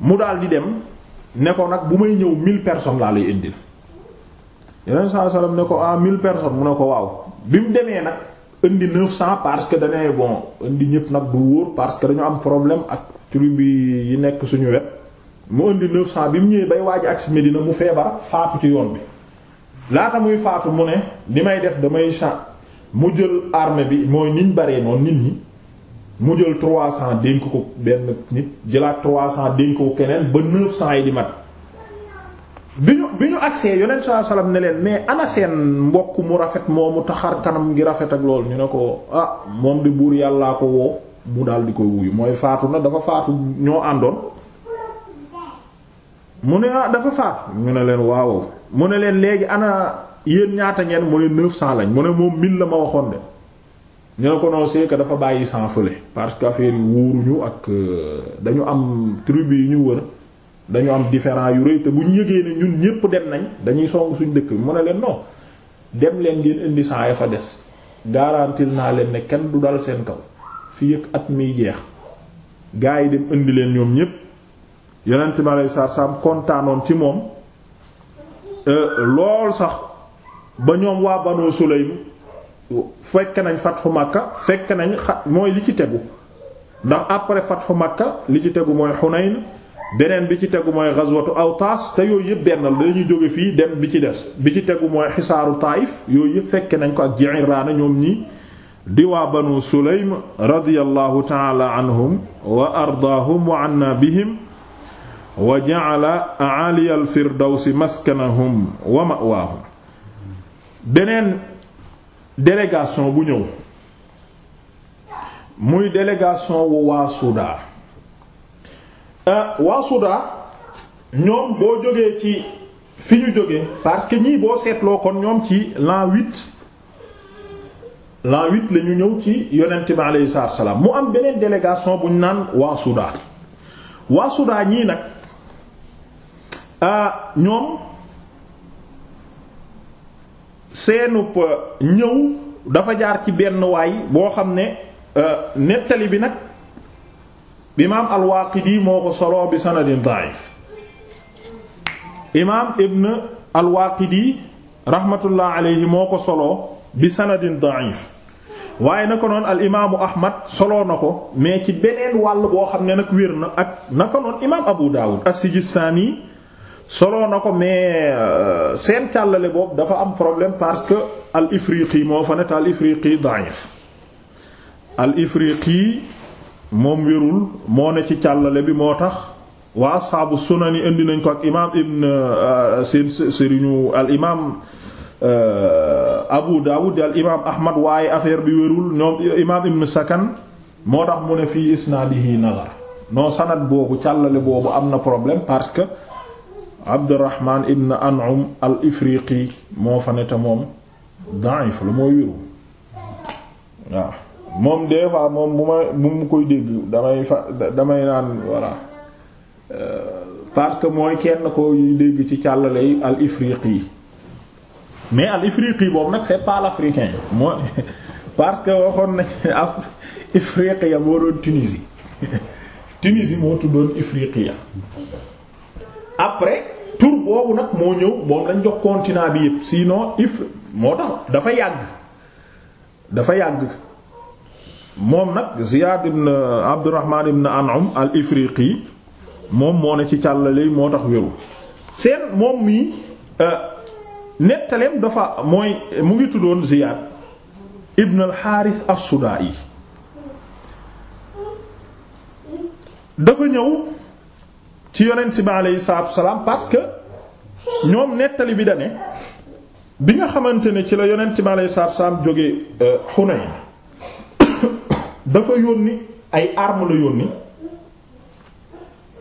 mu daal di dem ne ko nag bu may ñëw mille personnes laa lay indil yonent saa salaam ne ko ah mille personnes mu ne ko waaw bi mu demee nag indi neuf cent parce que danay bon indi ñëpp nag du wóor parce que dañu am problème ak tribu yi nekk suñu wet mu indi 900 bi mu ñëwee bay waaj agsi Medina mu feebar faatu ci yoon bi laata muy faatu mu ne li may def damay cha mu jël armée bi mooy niñ baree noonu nit ñi mu jël 300 dénk ko benn nit jëlaat 300 dénk ko keneen ba 900 yi di mat bi ñu bi ñu agsee yonent saa salaam ne leen mais ana seen mbokk mu rafet moomu taxar kanam ngi rafet ak loolu ñu ne ko ah moom di buur yàllaa ko woo mu daal di ko wuyu mooy faatu na dafa faatu ñoo àndoon. mu ne ah dafa faatu ñu ne leen waaw mu ne leen léegi ana yéen ñaata ngeen mu ne 900 lañ mu ne moom 1000 la ma waxoon de ñu ne ko non c'est dafa bàyyi sans fële parce que affaire yi wóoruñu ak euh, dañu am tribu yi ñu wër dañu am différent yu rëy te bu ñu yëgee ne ñun ñépp dem nañ dañuy song suñ dëkk bi mu ne leen non dem leen ngeen indi saa ya fa des garantil naa leen ne kenn du dal seen kaw fii ak at miy jeex gaa yi dem indi leen ñoom ñépp. yonent bi aleyhi salaatu salaam kontaanoon ci moom euh, lool sax ba ñoom waa Banu Sulaym fekk nañ fatxu Makka fekke nañ xa mooy li ci tegu ndax après fatxu Makka li ci tegu mooy Xunayn beneen bi ci tegu mooy aw Awtaas te yooyu yëpp benn la jóge fii dem bi ci des bi ci tegu mooy xisaaru Taayif yooy yëpp fekke nañ ko ak Ji'irraana ñoom ñii di waa Banu Sulaym radiyallahu ta'ala anhum wa ardaahum wa anna bihim wa ja'ala a'ali al-firdawsi maskanahum wa ma'waahum beneen délégation bu ñëw muy délégation wu waa Soudan euh, waa ñoom boo jógee ci fi ñu jóge parce que ñii boo seetloo kon ñoom ci l'an huit l'an huit la ñëw ci yonent bi alayhi mu am beneen délégation buñ naan waa Soudan ñii nag. ah ñoom seenub ñëw dafa jaar ci benn waay boo xam ne euh, nettali bi nag imaam al-Waaqidi moo ko soloo bi sanadin da'if imaam ibn al-Waaqidi rahmatullah moo ko soloo bi sanadin da'if waaye naka noonu al imaamu Ahmad soloo na ko mais ci beneen wàll boo xam ne nag wér na ak naka noonu imaam Abu Dawud as-Sijistani solo na ko mais euh, seen càllale boobu dafa am problème parce que al ifriqi moo fa nekk al ifriqi da'if al ifriqi moom wérul moo ne ci càllale bi moo tax waa asxaabu sunani indi nañ ko ak imaam ibn euh, seen sëriñu al imaam euh, Abu Dawud al imaam Ahmad waaye affaire bi wérul ñoom imaam ibn Sakan moo tax mu ne fii isnaadihi nazar non sanad boobu càllale boobu am na problème parce que. Abdurrahman ibn An'am al-Ifriqi moo fa ne te moom da'if la moo wiru waaw moom des fois moom bu ma bu mu koy dégg damay fa damay naan voilà euh, parce que mooy kenn ko yuy dégg ci càllale yi al-Ifriqi mais al-Ifriqi boobu nag c'est pas l'africain mooy <laughs> parce que waxoon nañ af Ifriqiya moo doon Tunisie <laughs> Tunisie moo tuddoon Ifriqiya après boobu nag moo ñëw moom lañ jox continent bi yépp sinon if moo tax dafa yàgg dafa yàgg moom nag Ziyaad ibn Abdurrahman ibn An'am al-Ifriqi moom moo ne ci càllale moo tax wéru seen moom mi euh, nettaleem dafa mu ngi tuddoon Ziyaad ibn al-Harith as dafa ñëw ci yonent bi aleyhi salaatu wa salaam parce ñoom nettali bi dane bi nga xamante ne ci la yonent ci aleyhi salaatu salaam jóge euh, Hunayn <coughs> dafa yónni ay armes la yónni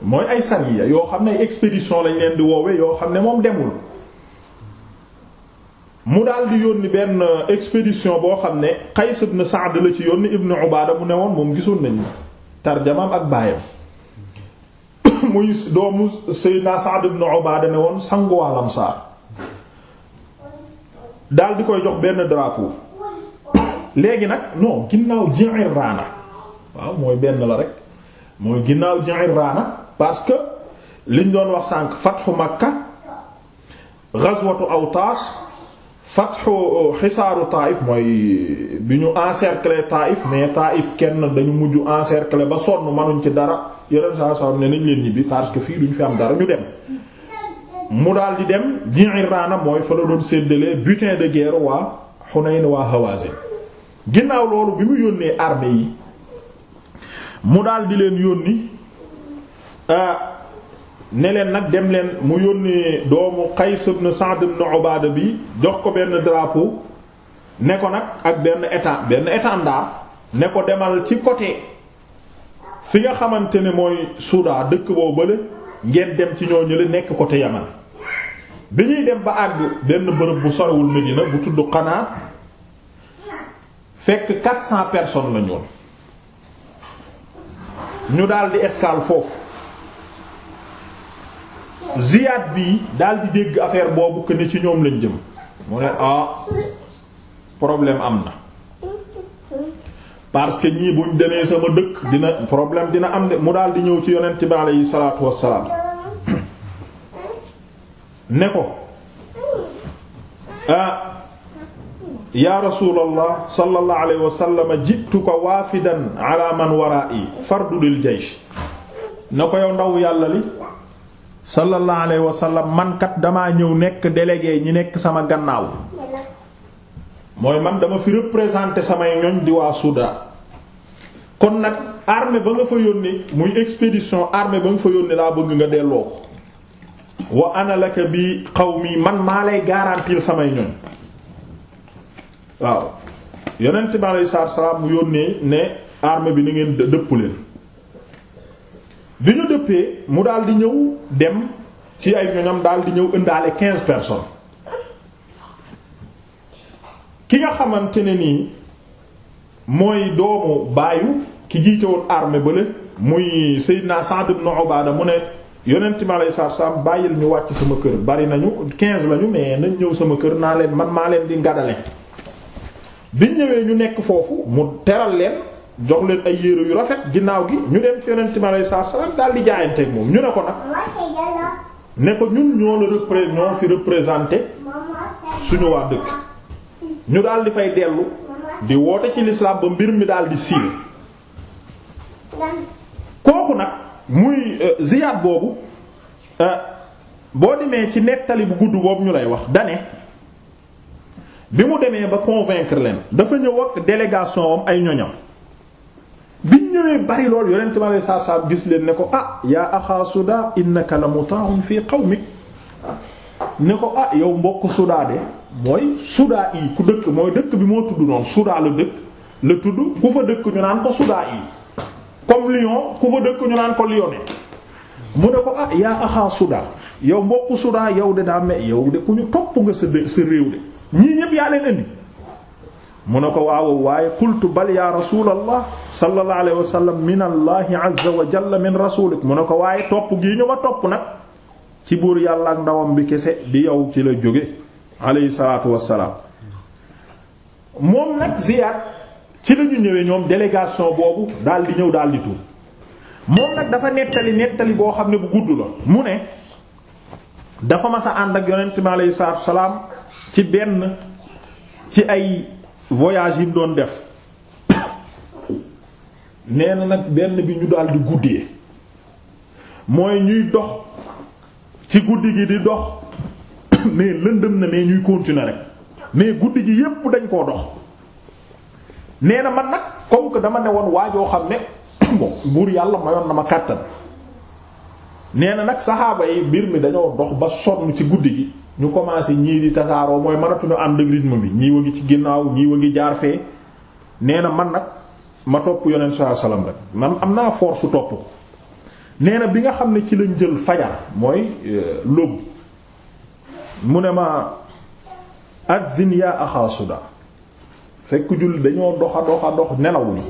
mooy ay sariya yoo xam ne ay expédition lañ leen di woowe yoo xam ne moom demul mu daal di yónni benn euh, expédition boo xam ne Qays na Sa'd la ci yónni ibn Ubaada mu ne woon moom gisoon nañu tarjamaam ak baayam <coughs> muy doomu Seydina Sa'd ibn Ubaada ne woon sangu waa Ansaar di koy jox benn drapeau léegi nag non ginnaaw Ji'irraana waaw mooy benn la rek mooy ginnaaw Ji'irraana parce que liñ doon wax sànq fathu Makka ghazwatu Awtaas fatxu euh, xisaaru Taif mooy euh, bi ñu encercler Taif mais Taif kenn dañu mujj encercler ba sonn mënuñ ci dara yeneen saa soxam ne nañ leen ñibbi parce que fii duñ fi am dara ñu dem. mu daal di dem Ji'irraana mooy fa la doon séddale butin de guerre waa Hunayn waa Hawazin ginnaaw loolu bi mu yónnee armée yi mu daal di leen yónni euh, ne leen nag dem leen mu yónnee doomu Qays ibn Sa'd ibn bi jox ko benn drapeau ne ko nag ak benn étang benn étendard ne ko demal ci côté fi nga xamante ni mooy Souda dëkk boo bële ngeen dem ci ñoo ñële nekk côté Yaman bi ñuy dem ba àgg benn bërëb bu sorewul Medina bu tudd Qanaat fekk 400 personnes la ñoon ñu daldi escale foofu Ziyad bi daal di dégg affaire boobu que ne ci ñoom lañ jëm mu ne ah problème am na parce que ñii buñ demee sama dëkk dina problème dina am de mu daal di ñëw ci yonent bi aleyhi salaatu wassalaam ne ko ah yaa rasulallah sallallahu alayhi wa sallam jituka waafidan ala man waraa'i fardulil jaysh na ko yow ndaw yàlla li sallallahu alayhi wa sallam man kat damaa ñëw nekk délégué ñi nekk sama gannaaw mooy man dama fi représenter samay ñoñ di waa Soudan kon nag armée ba nga fa yónni muy expédition armée ba nga fa yónni laa bëgg nga delloo ko wa ana bi xaw mii man maa lay garantir samay ñoñ waaw yonent bi alayhi salaam mu yónnee ne armée bi ni ngeen dëpp leen bi ñu dëppee mu daal di ñëw dem ci ay ñoñam daal di ñëw ëndaale quinze personnes ki nga xamante ne nii mooy doomu baayu ki jiite woon armée bële muy Seydina Sa'd ibn Ubaada mu ne yonent mi alayhi bàyyil ñu wàcc sama kër bari nañu quinze lañu mais nañ ñëw sama kër naa leen man maa leen di ngadale biñ ñëwee ñu nekk foofu mu teral leen jox leen ay yére yu rafet ginnaaw gi ñu dem ci yonent mi alayhi salaatu salaam daal di jaayanteeg moom ñu ne ko nag ne ko ñun ñoo la fi représenté suñu waa dëkk ñu daal di fay dellu di woote ci lislaam ba mbir mi daal di siiw kooku nag muy euh, Ziyad boobu euh, boo demee ci nettali bu gudd boobu ñu lay wax dane bi mu demee ba convaincre leen dafa ñëw ak délégation am ay ñoñam biñ ñëwee bari lool yonent mi aleyhi salaatu salaam gis leen ne ko ah yaa axaa suda innaka la mutaa'un fii qawmik ne ko ah yow mbokk suda de mooy suda yi ku dëkk mooy dëkk bi moo tudd noonu suda la dëkk la tudd ku fa dëkk ñu naan ko suda yi comme Lyon ku fa dëkk ñu naan ko lyonnais mu ne ko ah yaa axaa suda yow mbokk suda yow de daa me yow de ku ñu topp nga sa sa réew de ñii ñëpp yaa leen indi mu ne ko waaw waaye qultu bal ya rasulallah sallallahu alayhi wa sallam min allahi min rasulik mu ne ko waaye topp gii ñu ma topp nag ci buur yàllaak ndawam bi kese di yow ci la jóge alayhi salaatu wassalaam moom nag ziyaar ci la ñëwee ñoom délégation boobu daal di ñëw daal di tuub moom nag dafa nettali nettali boo xam ne bu gudd la mu ne dafa mas sa ànd ak yonent bi alayhi salaatu wassalaam ci benn ci ay voyage yi mu doon def <coughs> nee na nag benn bi ñu daldi guddee mooy ñuy dox ci guddi gi di dox <coughs> mais lëndëm na mais ñuy continuer rek mais guddi gi yépp dañ koo dox nee na man nag comme que dama ne woon waajoo xam ne <coughs> bon buur yàlla mayoon na ma kàttan nee na nag saxaaba yi mbir mi dañoo dox ba sonn ci guddi gi ñu commencé ñii di tasaaroo mooy mënatuñu ànd ak rythme bi ñii wa ngi ci ginnaaw ñii wa ngi jaar fee nee na man nag ma topp yonent sallallahu alayhi man am naa force topp ko nee na bi nga xam ne ci lañ jël fajar mooy euh, lóbb mu ne ma addin yaa axaasuda fekk jul dañoo doxa doxa dox nelawuñu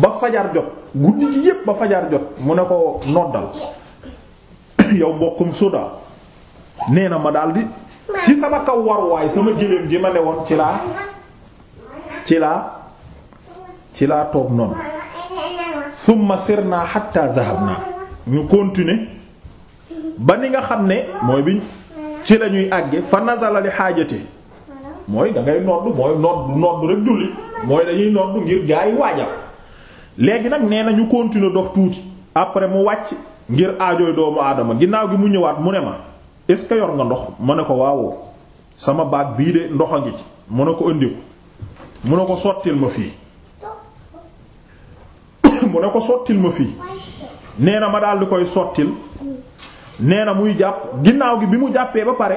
ba fajar jot guddi gi yépp ba fajar jot mu ne ko noddal <coughs> yow mbokkum suda nee na ma daldi ci sama kaw waruwaay sama jëléem gi ma ne woon ci laa ci laa ci laa toog noonu naa xataa hatta dhahabna ñu continuer ba ni nga xam ne mooy bi ci la ñuy àgge fa nazala li xaajate mooy da ngay nodd mooy nodd nodd rek julli mooy dañuy nodd ngir gaa yi léegi nag nee na ñu continuer dox tuuti après mu wàcc ngir aajooy doomu aadama ginnaaw gi mu ñëwaat mu ne ma est-ce que yor nga ndox ma ne ko waawoo sama baag bii de ndox a ngi ci mu ne ko ëndiku mu ne ko sottil ma fii <coughs> mu ne ko sottil ma fii nee na ma daal di koy sottil nee na muy jàpp ginnaaw gi bi mu jàppee ba pare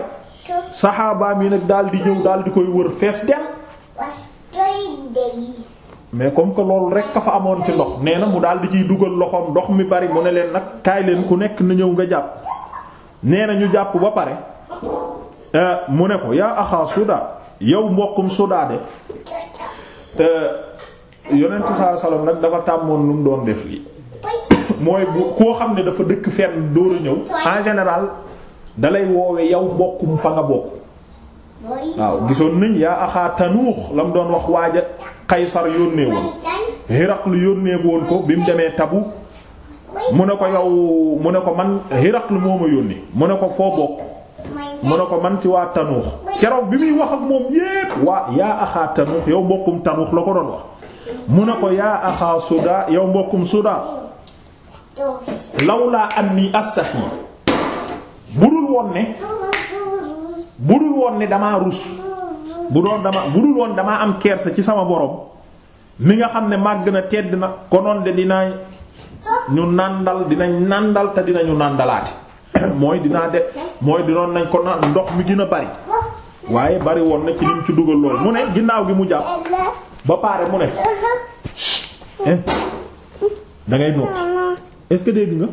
saxaabaam yi nag daal di ñëw daal di koy wër fees dem mais comme que loolu rek ka fa amoon ci ndox nee na mu daal di ciy dugal loxoom ndox mi bari mu ne leen nag kaay leen ku nekk na ñëw nga jàpp nee na ñu jàpp ba pare euh, mu ne ko yaa axaa suda yow mbokkum suda de euh, yonent saa salaam nag dafa tàmmoon lu mu doon def lii <coughs> mooy bu koo xam ne dafa dëkk fenn dóor ñëw en général dalay woowe yow mbokkum fa nga bokk waaw gisoon nañ yaa axaa tanuux la mu doon wax waaja Kaysar yónnee woon Hiraqlu yónnee woon ko bi mu demee Tabu mu ne ko yow mu ne ko man Hiraql moo ma yónni mu ne ko foo bokk mu ne ko man ci waa Tanuux keroog bi muy wax ak moom yépp waa yaa axaa Tanuux yow mbokkum Tanuux la ko doon wax mu ne ko yaa axaa Sudaa yow mbokkum Sudaa lawlaa anni astahi budul woon ne budul woon ne damaa rus bu doon dama budul woon damaa am kersa ci sama borom mi nga xam ne màgg na tedd na konoon de dinaa ñu nàndal dinañ nàndal te dinañu nàndalaati <coughs> mooy dinaa de mooy dinoon nañ ko naan ndox mi gën a bari waaye bari woon na ci lim ci dugal lool mu ne ginnaaw gi mu jàpp ba pare mu ne da ngay noppi est nga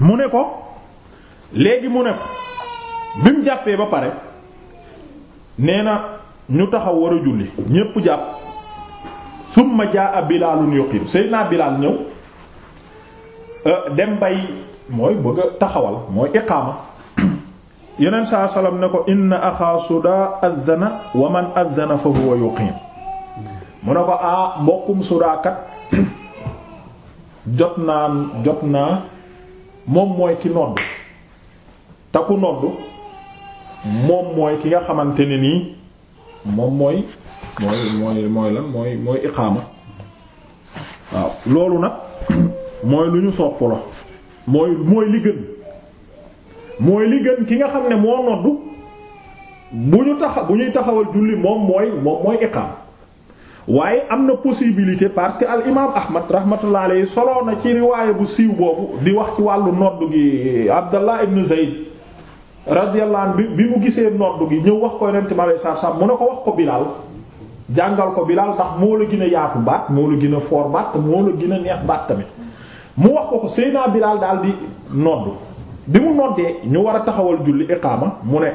mu ne ko léegi mu ne ko bi mu jàppee ba pare nee na ñu taxaw war a julli ñépp jàpp summa jaa bilaalun yuqiim seydinaa bilaal ñëw euh, dem bay mooy bëgg taxawal mooy iqaama <clears throat> yeneen saa salaam ne ko inna axaa sudaa addana wa man addana fa huwa yuqiim mu ne ko a ah, mbokkum sudaakat <clears throat> jot naa jot naa moom mooy ki nodd te nodd moom mooy ki nga xamante ne nii moom mooy mooy mooy lan mooy mooy iqaama waaw loolu nag mooy lu ñu sopp la mooy mooy li gën ki nga xam ne moo noddu bu ñu taxa bu ñuy taxawal julli moom mooy moom mooy iqaama waaye am na possibilité parce que al imaam Ahmad rahmatullah alayhi soloo na ci riwaaya bu siiw boobu di wax ci wàllu noddu gi Abdallah ibn Zayd radiyallahu anhu bi mu gisee noddu gi ñëw wax ko yonent ma lay saab saab mu ne ko wax ko Bilaal jàngal ko Bilaal ndax moo la gën a yaatu baat moo la gën a foor baat moo la gën neex baat tamit mu wax ko ko Seydina Bilaal daal di noddu bi mu noddee ñu war a taxawal julli iqaama mu ne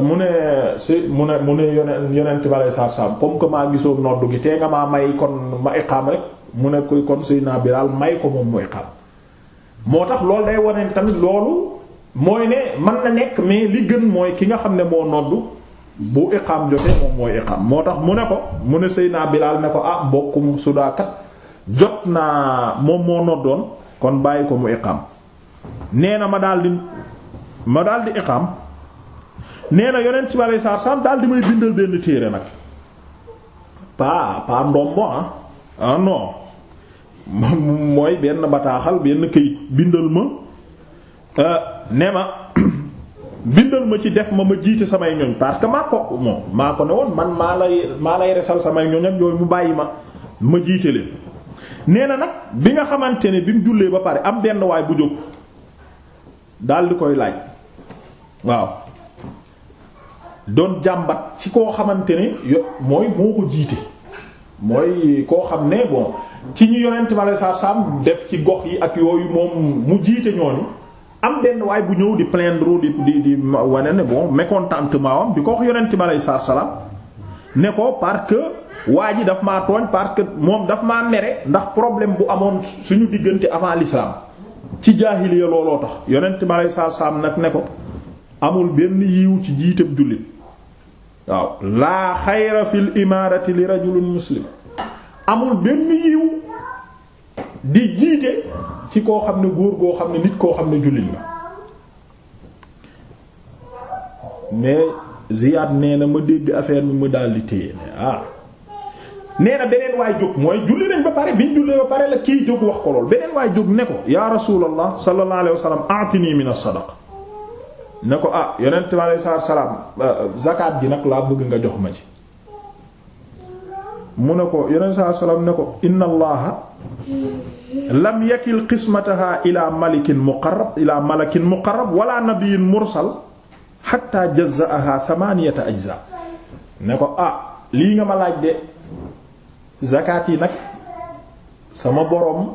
mu ne si mu ne mu ne yonent yonent ma lay saab saab comme que maa gisoo noddu gi tee nga maa may kon ma iqaam rek mu ne koy kon Seydina Bilaal may ko moom mu iqaam moo tax loolu day wane tamit mooy ne mën na nekk mais li gën mooy ki nga xam ne moo noddu bu iqaam jotee moom mooy iqaam moo tax mu ne ko mu ne Seydina Bilaal ne ko ah bokkum sudaakat jot naa moom moo noddoon kon bàyyi ko mu iqaam nee na ma daal di ma daal di iqaam nee na yonent ci bari saar saam daal di may bindal benn téere nag paa paa ndombo ah ah non <laughs> mooy benn bataaxal benn këyit bindal ma euh, ne ma <clears throat> bindal ma ci def ma ma jiite samay ñoñ parce que maa ko moom maa ko ne woon man maa lay maa lay resal samay ñoñ ak yooyu mu bàyyi ma ma jiite leen. nee na nag bi nga xamante ne bi mu jullee ba pare am benn waay bu jóg daal di koy laaj waaw doon jàmbat ci koo xamante ne yo mooy koo xam ne bon ci ñu yonent ma la saam def ci gox yi ak yooyu moom mu jiite ñooñu. am benn waay bu ñëw di plaindre di di di wane ne bon mécontentement wam di ko wax yonent bi aleyhi ne ko parce que waa ji daf maa tooñ parce moom dafa ma mere ndax problème bu amoon suñu diggante avant l'islam ci jaahiliya looloo tax yonent bi aleyhi nag ne ko amul benn yiw ci jiitab jullit waaw laa xayra fil imaarati li rajulin muslim amul benn yiw di jiite ci koo xam ne góor goo xam ne nit koo xam ne jullit la mais Ziyad nee na ma dégg affaire bi mu daal di téye ah nee na beneen waay jóg mooy julli nañ ba pare biñ jullee ba pare la kii jóg wax ko lool beneen waay jóg ne ko ya rasulallah sallallahu alayhi wa sallam a'tini min as-sadaqa ne ko ah yonent mi alayhi salaatu salaam euh, zakat ji nag laa bëgg nga jox ma ci mu ne ko yonent salaatu salaam ne ko inna allaha lam yakil qismataha ila malikin muqarrab ila malakin muqarrab wala nabiyyin mursal hatta jazzaaha thamaniyata ajza ne ko ah lii nga ma laaj de zakat yi nag sama boroom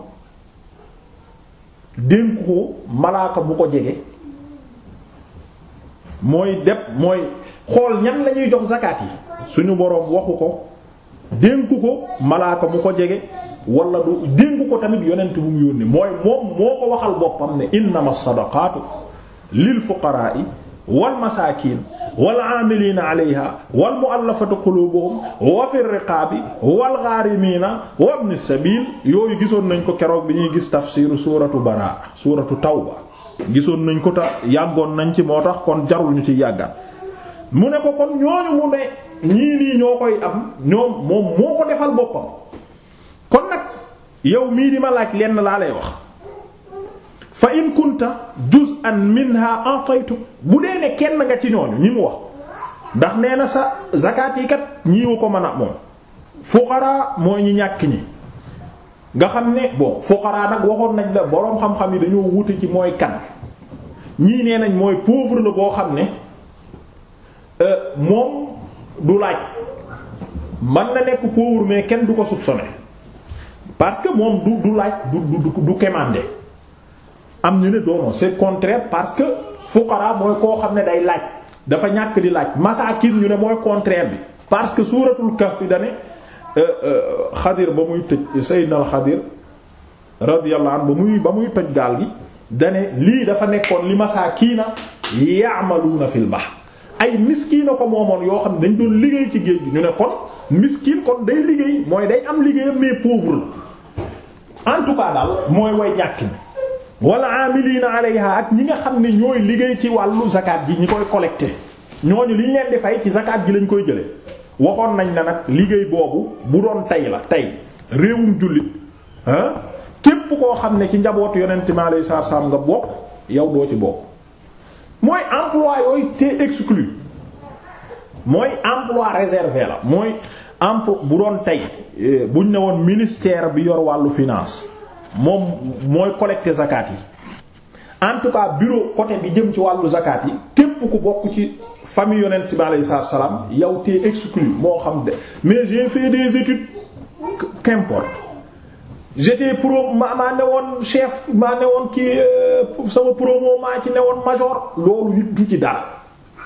dénk ko malaaka bu ko jege mooy deb mooy xool ñan lañuy jox zakat yi suñu boroom waxu ko dénku ko malaaka mu ko jege wala du dénk ko tamit yonent bu mu yónnee mooy moom moo ko waxal boppam ne innama sadaqaatu lil fuqaraa'i wal masaakiin wal aamiliina alayha wal mu'allafati quluubuhum wa riqaabi wal ghaarimiina wa ibni sabiil yooyu gisoon nañ ko keroog bi ñuy gis tafsiiru suuratu baraa suuratu tawba gisoon nañ ko ta yàggoon nañ ci moo tax kon jarwuñu ci yàggat mu ne ko kon ñooñu mu ne ñii nii ñoo koy am ñoom moom moo ko defal boppam kon nag yow mii di ma laaj lenn laa lay wax fa in kunta juz'an minha a'taytu bu dee kenn nga ci ñooñu ñi mu wax ndax nee na sa zakat yi kat ñiiwu ko mën a moom fuqara mooy ñi ñàkk ñi nga xam ne bon fuqara nag waxoon nañ la boroom xam-xam yi dañoo wute ci mooy kan ñii nee nañ mooy pauvre la boo xam ne euh, moom du laaj mën na nekk pauvre mais kenn du ko soupçonner parce que moom du du laaj du du du kemande am ñu ne doono c'est contraire parce que fuqara mooy koo xam ne day laaj dafa ñàkk di laaj masaakin ñu ne mooy contraire bi parce que suuratul kahf da ne euh, euh, xadir ba muy tëj sayyidna al xadir radiyallahu anhu ba muy ba muy toj gaal gi dane lii dafa nekkoon li masaa masaakiina ya'maluuna fil bahr ay miskiina ko moomoon yoo xam ne dañ doon liggéey ci géej gi ñu ne kon miskiin kon day liggéey mooy day am liggéeyam mais pauvre en tout cas daal mooy way ñàkk ñi wala amilina alayha ak ñi nga xam ne ñooy liggéey ci wàllu zakat ji ñi koy collecté ñooñu li ñu leen di fay ci zakat ji lañ koy jële waxoon nañ la nag liggéey boobu bu doon tay la tay réewum jullit ah képp koo xam ne ci njaboot yonent mi alayhi salaatu salaam nga bokk yow doo ci bokk mooy emploi yooyu te exclu mooy emploi réservé la mooy am bu doon tey eh, buñ ne woon ministère bi yor wàllu finance moom mooy collecter zakat yi en tout cas bureau côté bi jëm ci wàllu zakat yi képp ku bokk ci famille yonent bi alayhi salaatu salaam yow tee exclu moo xam de mais j'ai fait des études qu'importe j'étais pro ma maa ne woon chef maa ne woon kii euh, sama promo maa ci ne woon major loolu it ci dara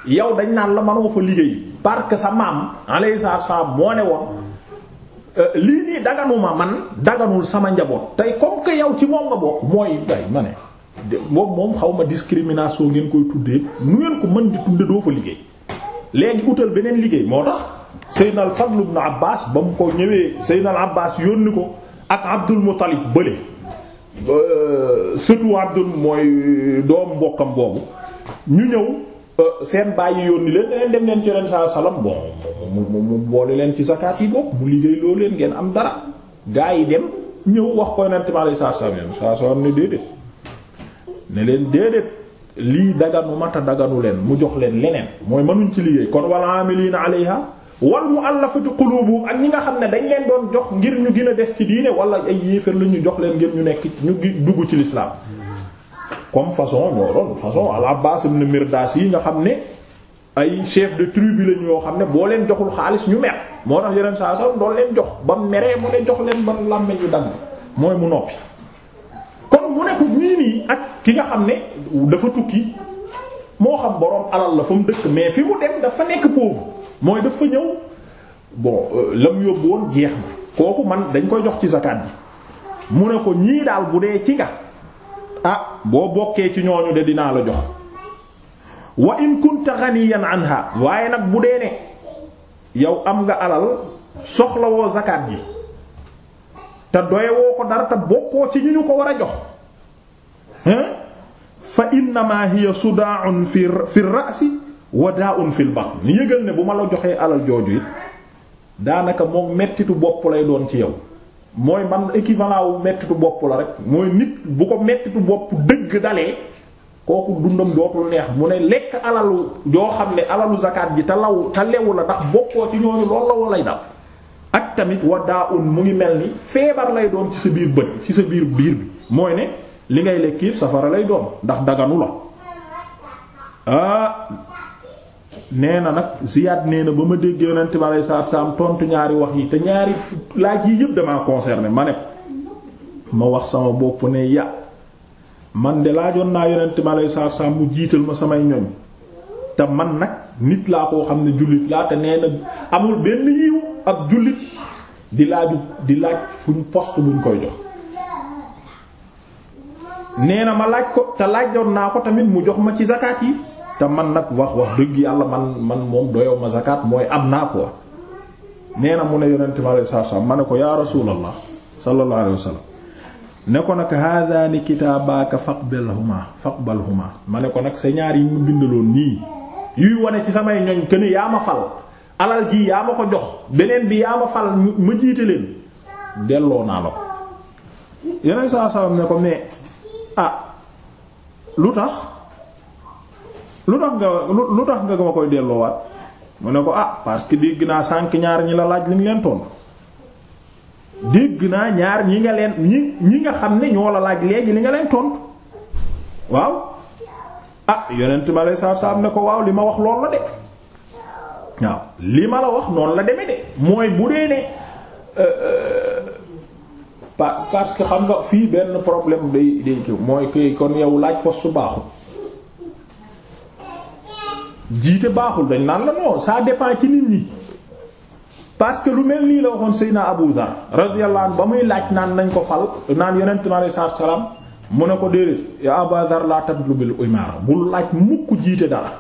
yow dañ naan la mënoo fa liggéey parce que sa maam alayhi salaam moo ne woon euh, lii nii daganuma man daganul sama njaboot tey comme que yow ci moom nga bokk mooy bay ma ne boobu moom xaw ma discrimination ngeen koy tuddee nu ngeen ko mën di tudde doo fa liggéey léegi utal beneen liggéey moo tax Seydina al-Fadl ibn ba mu ko ñëwee Seydina al-Abbas yónni ko ak Abdul Muttalib bële euh, surtout Abdul mooy euh, doom mbokkam boobu ñu ñëw seen bàyyi yónni leen leen dem leen ci ren sa salaam bon mu mu mu boole leen ci zakaat yi bokk mu liggéey loo leen ngeen am dara gaa yi dem ñëw wax ko yonent bi alayhi salaam saa salaam ne déedéet ne leen déedéet lii daganu mata daganu leen mu jox leen leneen mooy mënuñ ci liggéey kon wal amiliina alayha wal mu'allafati qulubuhum ak ñi nga xam ne dañ leen doon jox ngir ñu gën a des ci diine wala ay yéefar la ñu jox leen ngir ñu nekk ñu dugg ci lislaam comme façon ñoo doon façon Al Abbas ibn Mirdas yi nga xam ne ay chef de tribu lañ yoo xam ne boo leen joxul xaalis ñu mer moo tax yeneen saa sax doon leen jox ba meree mu ne jox leen ba làmme ñu dagg mooy mu noppi kon mu ne ko nii nii ak ki nga xam ne dafa tukki moo xam boroom alal la fa mu dëkk mais fi mu dem dafa nekk pauvre mooy dafa ñëw bon euh, la mu yóbbu jeex na kooku man dañ koy jox ci zakat bi mu ne ko ñii daal bu dee ci nga a ah, boo bokkee ci ñooñu de dinaa la jox wa in kunta ghaniyan anha waaye nag bu dee ne yow am nga alal soxlawoo zakat ji te woo ko dara te bokkoo ci ñu ñu ko war a jox hein fa innama hiya sudaa'un fi fi ra'si wa daa'un fil batn yëgal ne bu ma la joxee alal jooju it daanaka moom mettitu bopp lay doon ci yow mooy man équivalent wu mettitu bopp la rek mooy nit bu ko mettitu bopp dëgg dalee kooku dundam dootul neex mu ne lekk alalu joo xam ne alalu zakat ji te law te lewu la ndax bokkoo ci ñooñu loolu la woo lay dal ak tamit wa daa un mu ngi mel ni feebar lay doon ci sa biir bët ci sa biir biir bi mooy ne li ngay lekk yépp safara lay doon ndax daganu la ah, nee na nag Ziyad nee na ba ma dégg yonent bi aleyhi salaatu salaam tontu ñaari wax yi te ñaari laaj yi yëpp damaa concerné ma ne ma wax sama bopp ne ya man de laajoon naa yonent bi aleyhi salaatu salaam mu jiital ma samay ñoñ te man nag nit laa koo xam ne jullit laa te nee na amul benn yiw ab jullit di laaj di laaj fuñ poste buñ koy jox nee na ma laaj ko te laajoon naa ko tamit mu jox ma ci sakaat yi. te man nag wax wax dëgg yàlla man man moom doyow ma zakat mooy am naa ko nee na mu ne yonente mi alayhi salaatu salaam ma ne ko yaa rasulallah sallallahu alayhi wa sallam ne ma ne ko nag sa ñaar yi mu ci samay ñoñ que ni yaa ma fal alal ji yaa ma ko jox beneen bi yaa ma fal ma jiite leen delloo naa la ko yeneen saa salaam ne ko mais ah lu tax lu tax nga lu tax nga ma koy delloowaat mu ne ko ah parce que dégg naa sànq ñaar ñi la laaj li ñu leen tontu dégg naa ñaar ñi nga leen ñi ñi nga xam ne ñoo la laaj léegi li nga leen tontu waaw ah yonent ma lay saab saab ne ko waaw li ma wax lool la de waaw li ma la wax noonu la deme de mooy bu dee ne euh, euh, parce que xam nga fii benn problème day day kiw mooy koy kon yow laaj poste su baaxul jiite baaxul dañ naan la non ça dépend ci nit ñi parce que lu mel nii la waxoon Seydina Abu Dhar radiyallahu anhu ba muy laaj naan nañ ko fal naan yonent mi alayhi salaam mu ne ko déedéet ya Abu Dhar laa tablu bil imaara bul laaj mukk jiite dara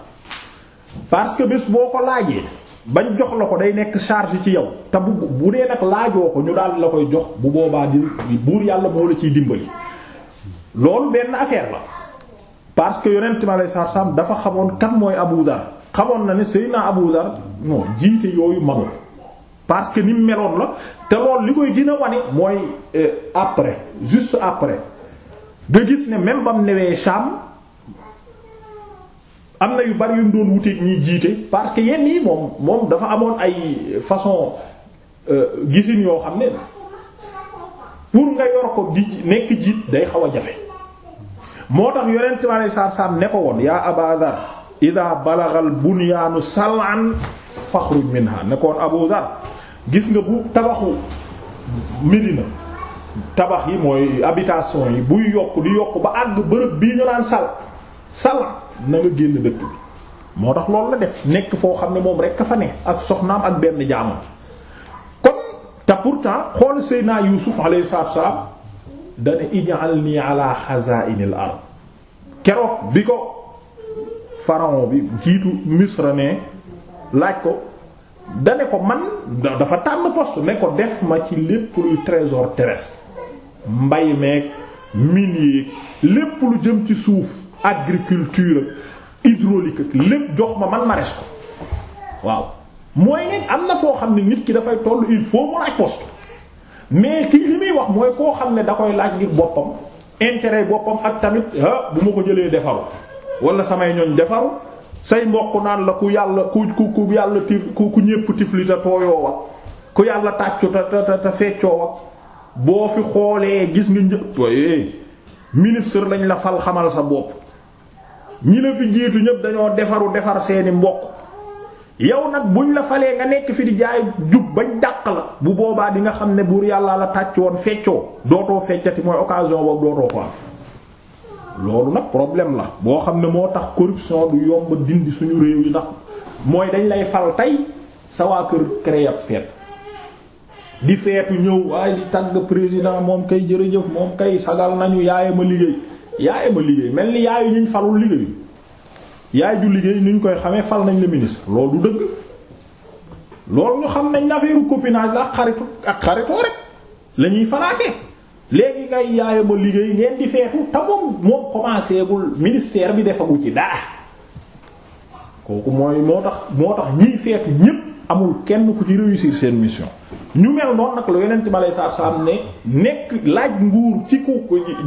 parce que bés boo ko laajee bañ jox la ko day nekk charge ci yow te bu bu dee nag laajoo ko ñu daal la koy jox bu boobaa di buur yàlla moo la ciy dimbali loolu benn affaire la. parce que yonent ma lay sarsam dafa xamoon kan mooy Abu Dar xamoon na ne Seydina Abu Dar non jiite yooyu magul parce que ni mu meloon la te lool li koy gën a wane mooy euh, après juste après nga gis ne même ba mu newee Sham am na yu bari yu mu doon wuteeg ñiy jiite parce que yenn yi moom moom dafa amoon ay façon euh, gisin yoo xam ne pour nga yor ko di nekk jiit day xaw a jafe. moo tax yonent bi alayhi salaatu salaam ne ko woon yaa Abaa Dar idaa balagal bunyaanu sal'an faxruj minha nekkoon ko woon gis nga bu tabaxu Medina tabax yi mooy habitation yi buy yokk di yokk ba àgg bërëb bii ñu naan sal sal na nga génn dëkk bi moo tax loolu la def nekk foo xam ne moom rekk a fa ne ak soxnaam ak benn jaamam kon te pourtant xool Seydina Yuusuf alayhi salaatu wa salaam dana ij'alni ala xazaa'inil ard keroog bi ko pharaon bi jiitu misra ne laaj ko dane ko man dafa tànn poste na ko def ma ci lépp luy trésor terrestre mbay meeg minier lépp lu jëm ci suuf agriculture hydraulique ak lépp jox ma man ma res ko waaw mooy ne am na foo xam ne nit ki dafay toll il faut mu laaj poste mais kii li muy wax mooy koo xam ne da koy laaj ngir boppam intérêt boppam ak tamit ah bu ma ko jëlee defaru wala samay ñoñ defaru say mbokk naan la ku yàlla ku ku ku yàlla tif ku ku ñépp tifli tooyoo wa ku yàlla tàccu te te te feccoo wa boo fi xoolee gis nga njëpp ministre lañ la fal xamal sa bopp ñi la fi jiitu ñépp dañoo defaru defar seeni mbokk yow nag buñ la falee nga nekk fi di jaay jub bañ dàq la bu boobaa di nga xam ne buur yàllaa la tàcc woon feccoo dootoo feccati mooy occasion boobu dootoo ko loolu nag problème la boo xam ne moo tax corruption du yomb dindi suñu réew yi ndax mooy dañ lay fal tey sa waa kër créé ab feet di feetu ñëw waaye di tàgg président moom kay jërëjëf moom kay sagal nañu yaayama liggéey yaayama liggéey mel ni yaayu ñuñ falul liggéey yaay ju liggéey ni ñu koy xamee fal nañ la ministre loolu du dëgg loolu ñu xam nañ affaire copinage la ak xaritu ak xaritoo rek la ñuy léegi ngay yaaya ma liggéey ngeen di feetu te moom moom commencé gul ministère bi defagu ci daa kooku mooy moo tax moo tax ñiy feetu ñépp amul kenn ku ci réussir seen mission ñu mel noonu nag la yonent bi aleyhi salaatu ne nekk laaj nguur ci ku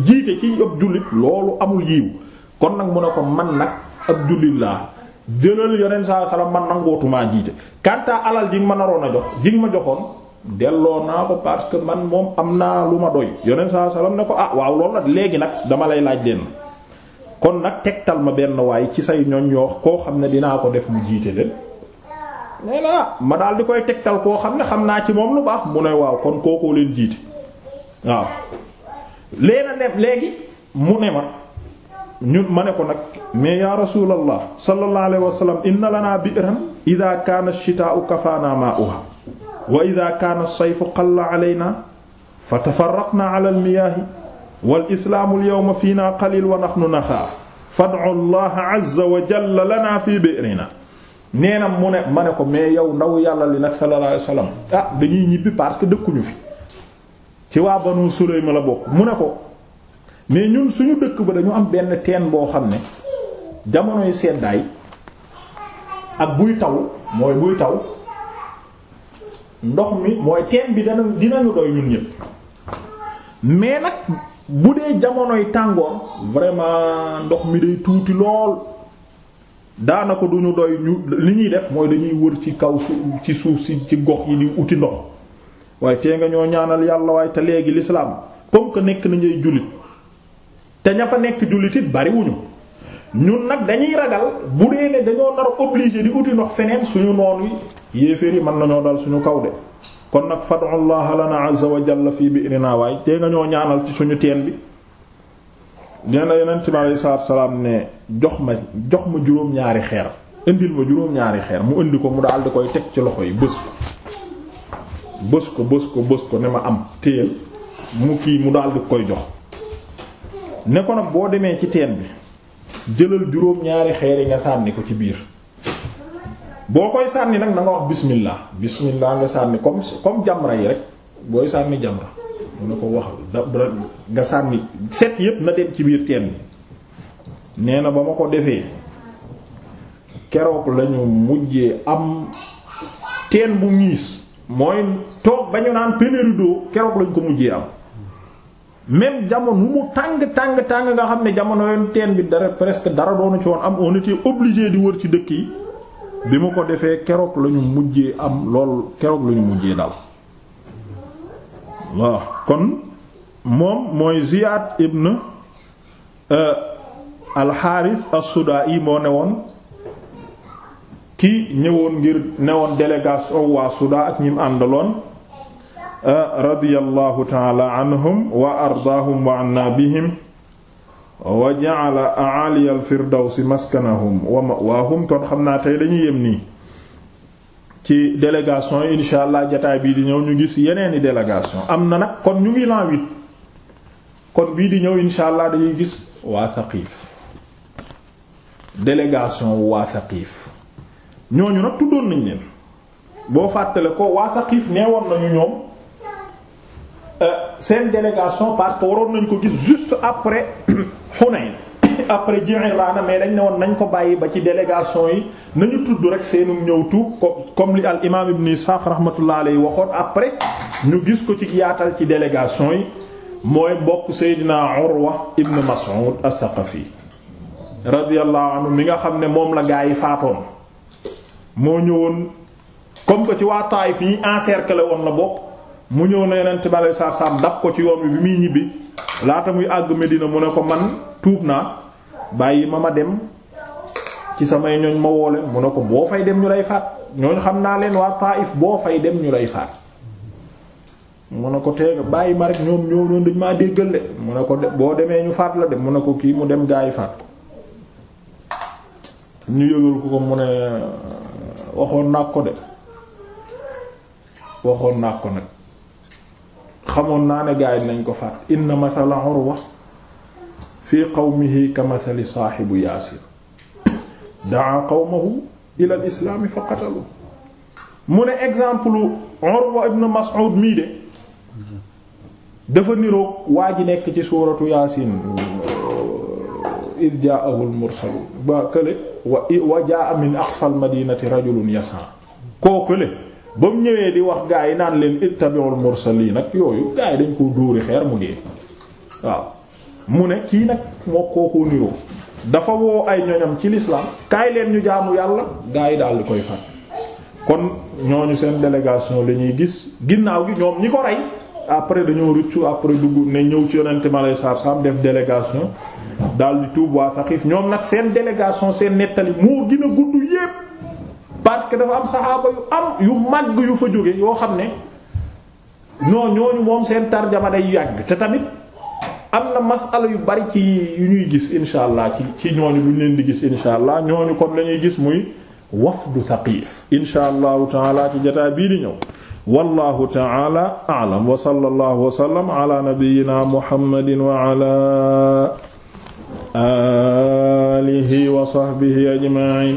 jiite ci ëpp jullit loolu amul yiw kon nag mu ne ko man nag. abdulillah jëlal yonent saa salaam man nangootumaa jiite kanta alal ji ma naroon a jox ji ma joxoon delloo naa ko parce que man moom am naa lu ma doy yonent saa salaam ne ko ah waaw loolu nag léegi nag dama lay laaj leen kon nag tegtal ma benn waay ci say ñoñ yoo koo xam ne dinaa ko def mu jiite leen ma daal di koy tegtal koo xam ne xam naa ci moom lu baax mu ne waaw kon kookoo leen jiite waaw léena léegi mu ne ma ñun ma ne ko nag mais ya rasulallah sallallahu alayhi wa sallam inna lana bi'ran idha kana ash-shitaa'u kafaana maa'uha wa idha kana as-sayfu qalla alayna fa tafarraqna 'ala al-miyaahi wal islaamu al-yawma fiina qaliil wa nahnu naxaaf fad'u allaha 'azza wa jalla lana fi bi'rina nee na mu ne ma ne ko mais yow ndaw yàlla li nag sallallahu alayhi wa sallam ah dañuy ñibbi parce que dëkkuñu fi ci waa banu Sulaym la bokk mu ne ko mais ñun suñu dëkk ba dañu am benn teen boo xam ne jamonoy seddaay ak buy taw mooy buy taw ndox mi mooy teen bi dana dinañu doy ñun ñëpp mais nag bu dee jamonoy tàngoor vraiment ndox mi day tuuti lool daanaka duñu doy ñu li ñuy def mooy dañuy wër ci kaw su ci suuf si ci gox yi di uti ndox waaye tee nga ñoo ñaanal yàlla waaye te léegi lislaam comme que nekk nañuy jullit te ña fa nekk jullit it bariwuñu ñun nag dañuy ragal bu dee ne dañoo nar obligé di uti ndox feneen suñu noon yi yéeféer yi mën nañoo dal suñu kaw de kon nag fad'u Allah lana azza wa jalla fii naa waaye te nga ñoo ñaanal ci suñu teen bi nee na yonent bi alayhi salaatu salaam ne jox ma jox ma juróom-ñaari xeer indil ma juróom-ñaari xeer mu indi ko mu daal di koy teg ci loxo yi bës ko bës ko bës ko bës ko ne ma am téel mu kii mu daal di koy jox ne ko nag boo demee ci teen bi jëlal juróom-ñaari xeer yi nga sànni ko ci biir boo koy sànni nag na nga wax bismillah bismillah nga sànni comme comme jamra yi rek booy sànni jamra mu ne ko wax nga sànni set yépp na dem ci biir teen bi nee na ba ma ko defee keroog lañu mujjee am teen bu ñiis mooy toog ba ñu naan pénéridoo keroog lañ ko mujjee am même jamono mu tàng tàng tàng nga xam ne jamono yoon teen bi dara presque dara doonu ci woon am on était obligé di wër ci dëkk yi bi mu ko defee keroog lañu mujjee am lool keroog lañu mujjee dal waaw kon moom mooy Ziyaad ibn euh, alxaaris as-Sudaa'i moo ne woon ki ñëwoon ngir ne woon délégation waa Soudan ak ñim àndaloon radiyallahu taala anhum wa ardaahum wa anna bihim wa ja'ala a'ali al maskanahum wa ma'waahum kon xam naa tey dañuy yem nii ci délégation yi jataay bii di ñëw ñu gis yeneeni délégation am na nag kon ñu ngi lan wit kon bii di ñëw insha allah dañuy gis waa Saqiif délégation waa Saqiif ñooñu nag tuddoon nañ leen boo fàttale ko waa Saqiif neewoon nañu ñoom Euh, seen délégation parce que waroon nañ ko gis juste après <clears throat> Hunayn <clears throat> après Ji'irrânah mais dañ ne woon nañ ko bàyyi ba ci délégation yi nañu tudd rek seenum ñëwtu comme li al imaam ibn Ishaq rahmatullah alayhi waxoon après ñu gis ko ci yaatal ci délégation yi mooy bokk Seydina Urwa ibn Mas'ud as-Saqafi radiyallahu anhu mi nga xam ne moom la gaa yi faatoon moo ñëwoon comme que ci waa Taayif yi encerclé woon la bokk mu ñëw na yonent bi aleyhi salaatu ko ci yoon bi bi muy ñibbi laata muy àgg Medina mu ne ko man tuub naa bàyyi ma ma dem ci samay ñooñ ma woole mu ne ko boo fay dem ñu lay faat ñooñ xam naa leen waa Taif boo fay dem ñu lay mu ne ko teeg bàyyi ma rek ñoom ñoo doon dañ maa déggal de mu ne ko boo demee ñu faat la de mu ne ko kii mu dem gaa yi faat ñu yëgal ko ko mu ne waxoon naa ko de waxoon naa ko nag xamoon naa ne gaay nañ ko faat inna mathala urwa fi qawmihi ka mathali saahibu yaasir daa qawmahu ila al fa qatalu mu ne exemple urwa ibn mas'ud mii de dafa niroog waa ji nekk ci suuratu yaasin id jaahu al mursaluun ba kële wa jaa min aqsa al madinati rajulun yasaa koo kële ba mu ñëwee di wax gaa yi naan leen ittabi'ul mursaliin nag yooyu gaa yi dañ koo dóori xeer mu dee waaw mu ne kii nag moo kookoo niroo dafa woo ay ñoñam ci lislaam kaay leen ñu jaamu yàlla gaa yi daal di koy fat kon ñooñu seen délégation lañuy gis ginnaaw gi ñoom ñi ko rey après dañoo rëccu après dugg ne ñëw ci yonente mi aleyhi salaatu def délégation daal di tuub waa Saxiif ñoom nag seen délégation seen nettali moo gin a gudd yépp parce que dafa am saxaaba yu am yu màgg yu fa jóge yoo xam ne non ñooñu moom seen tarjama day yàgg te tamit am na masala yu bari ci yu ñuy gis insha allah ci ci ñooñu bu ñu di gis insha allah ñooñu comme lañuy gis muy wafdu Saqiif insha allahu taala ci jataa bii di ñëw wallahu taala a'lam wa sallallahu wa sallam ala nabiyyina wa ala alihi wa sahbihi ajma'in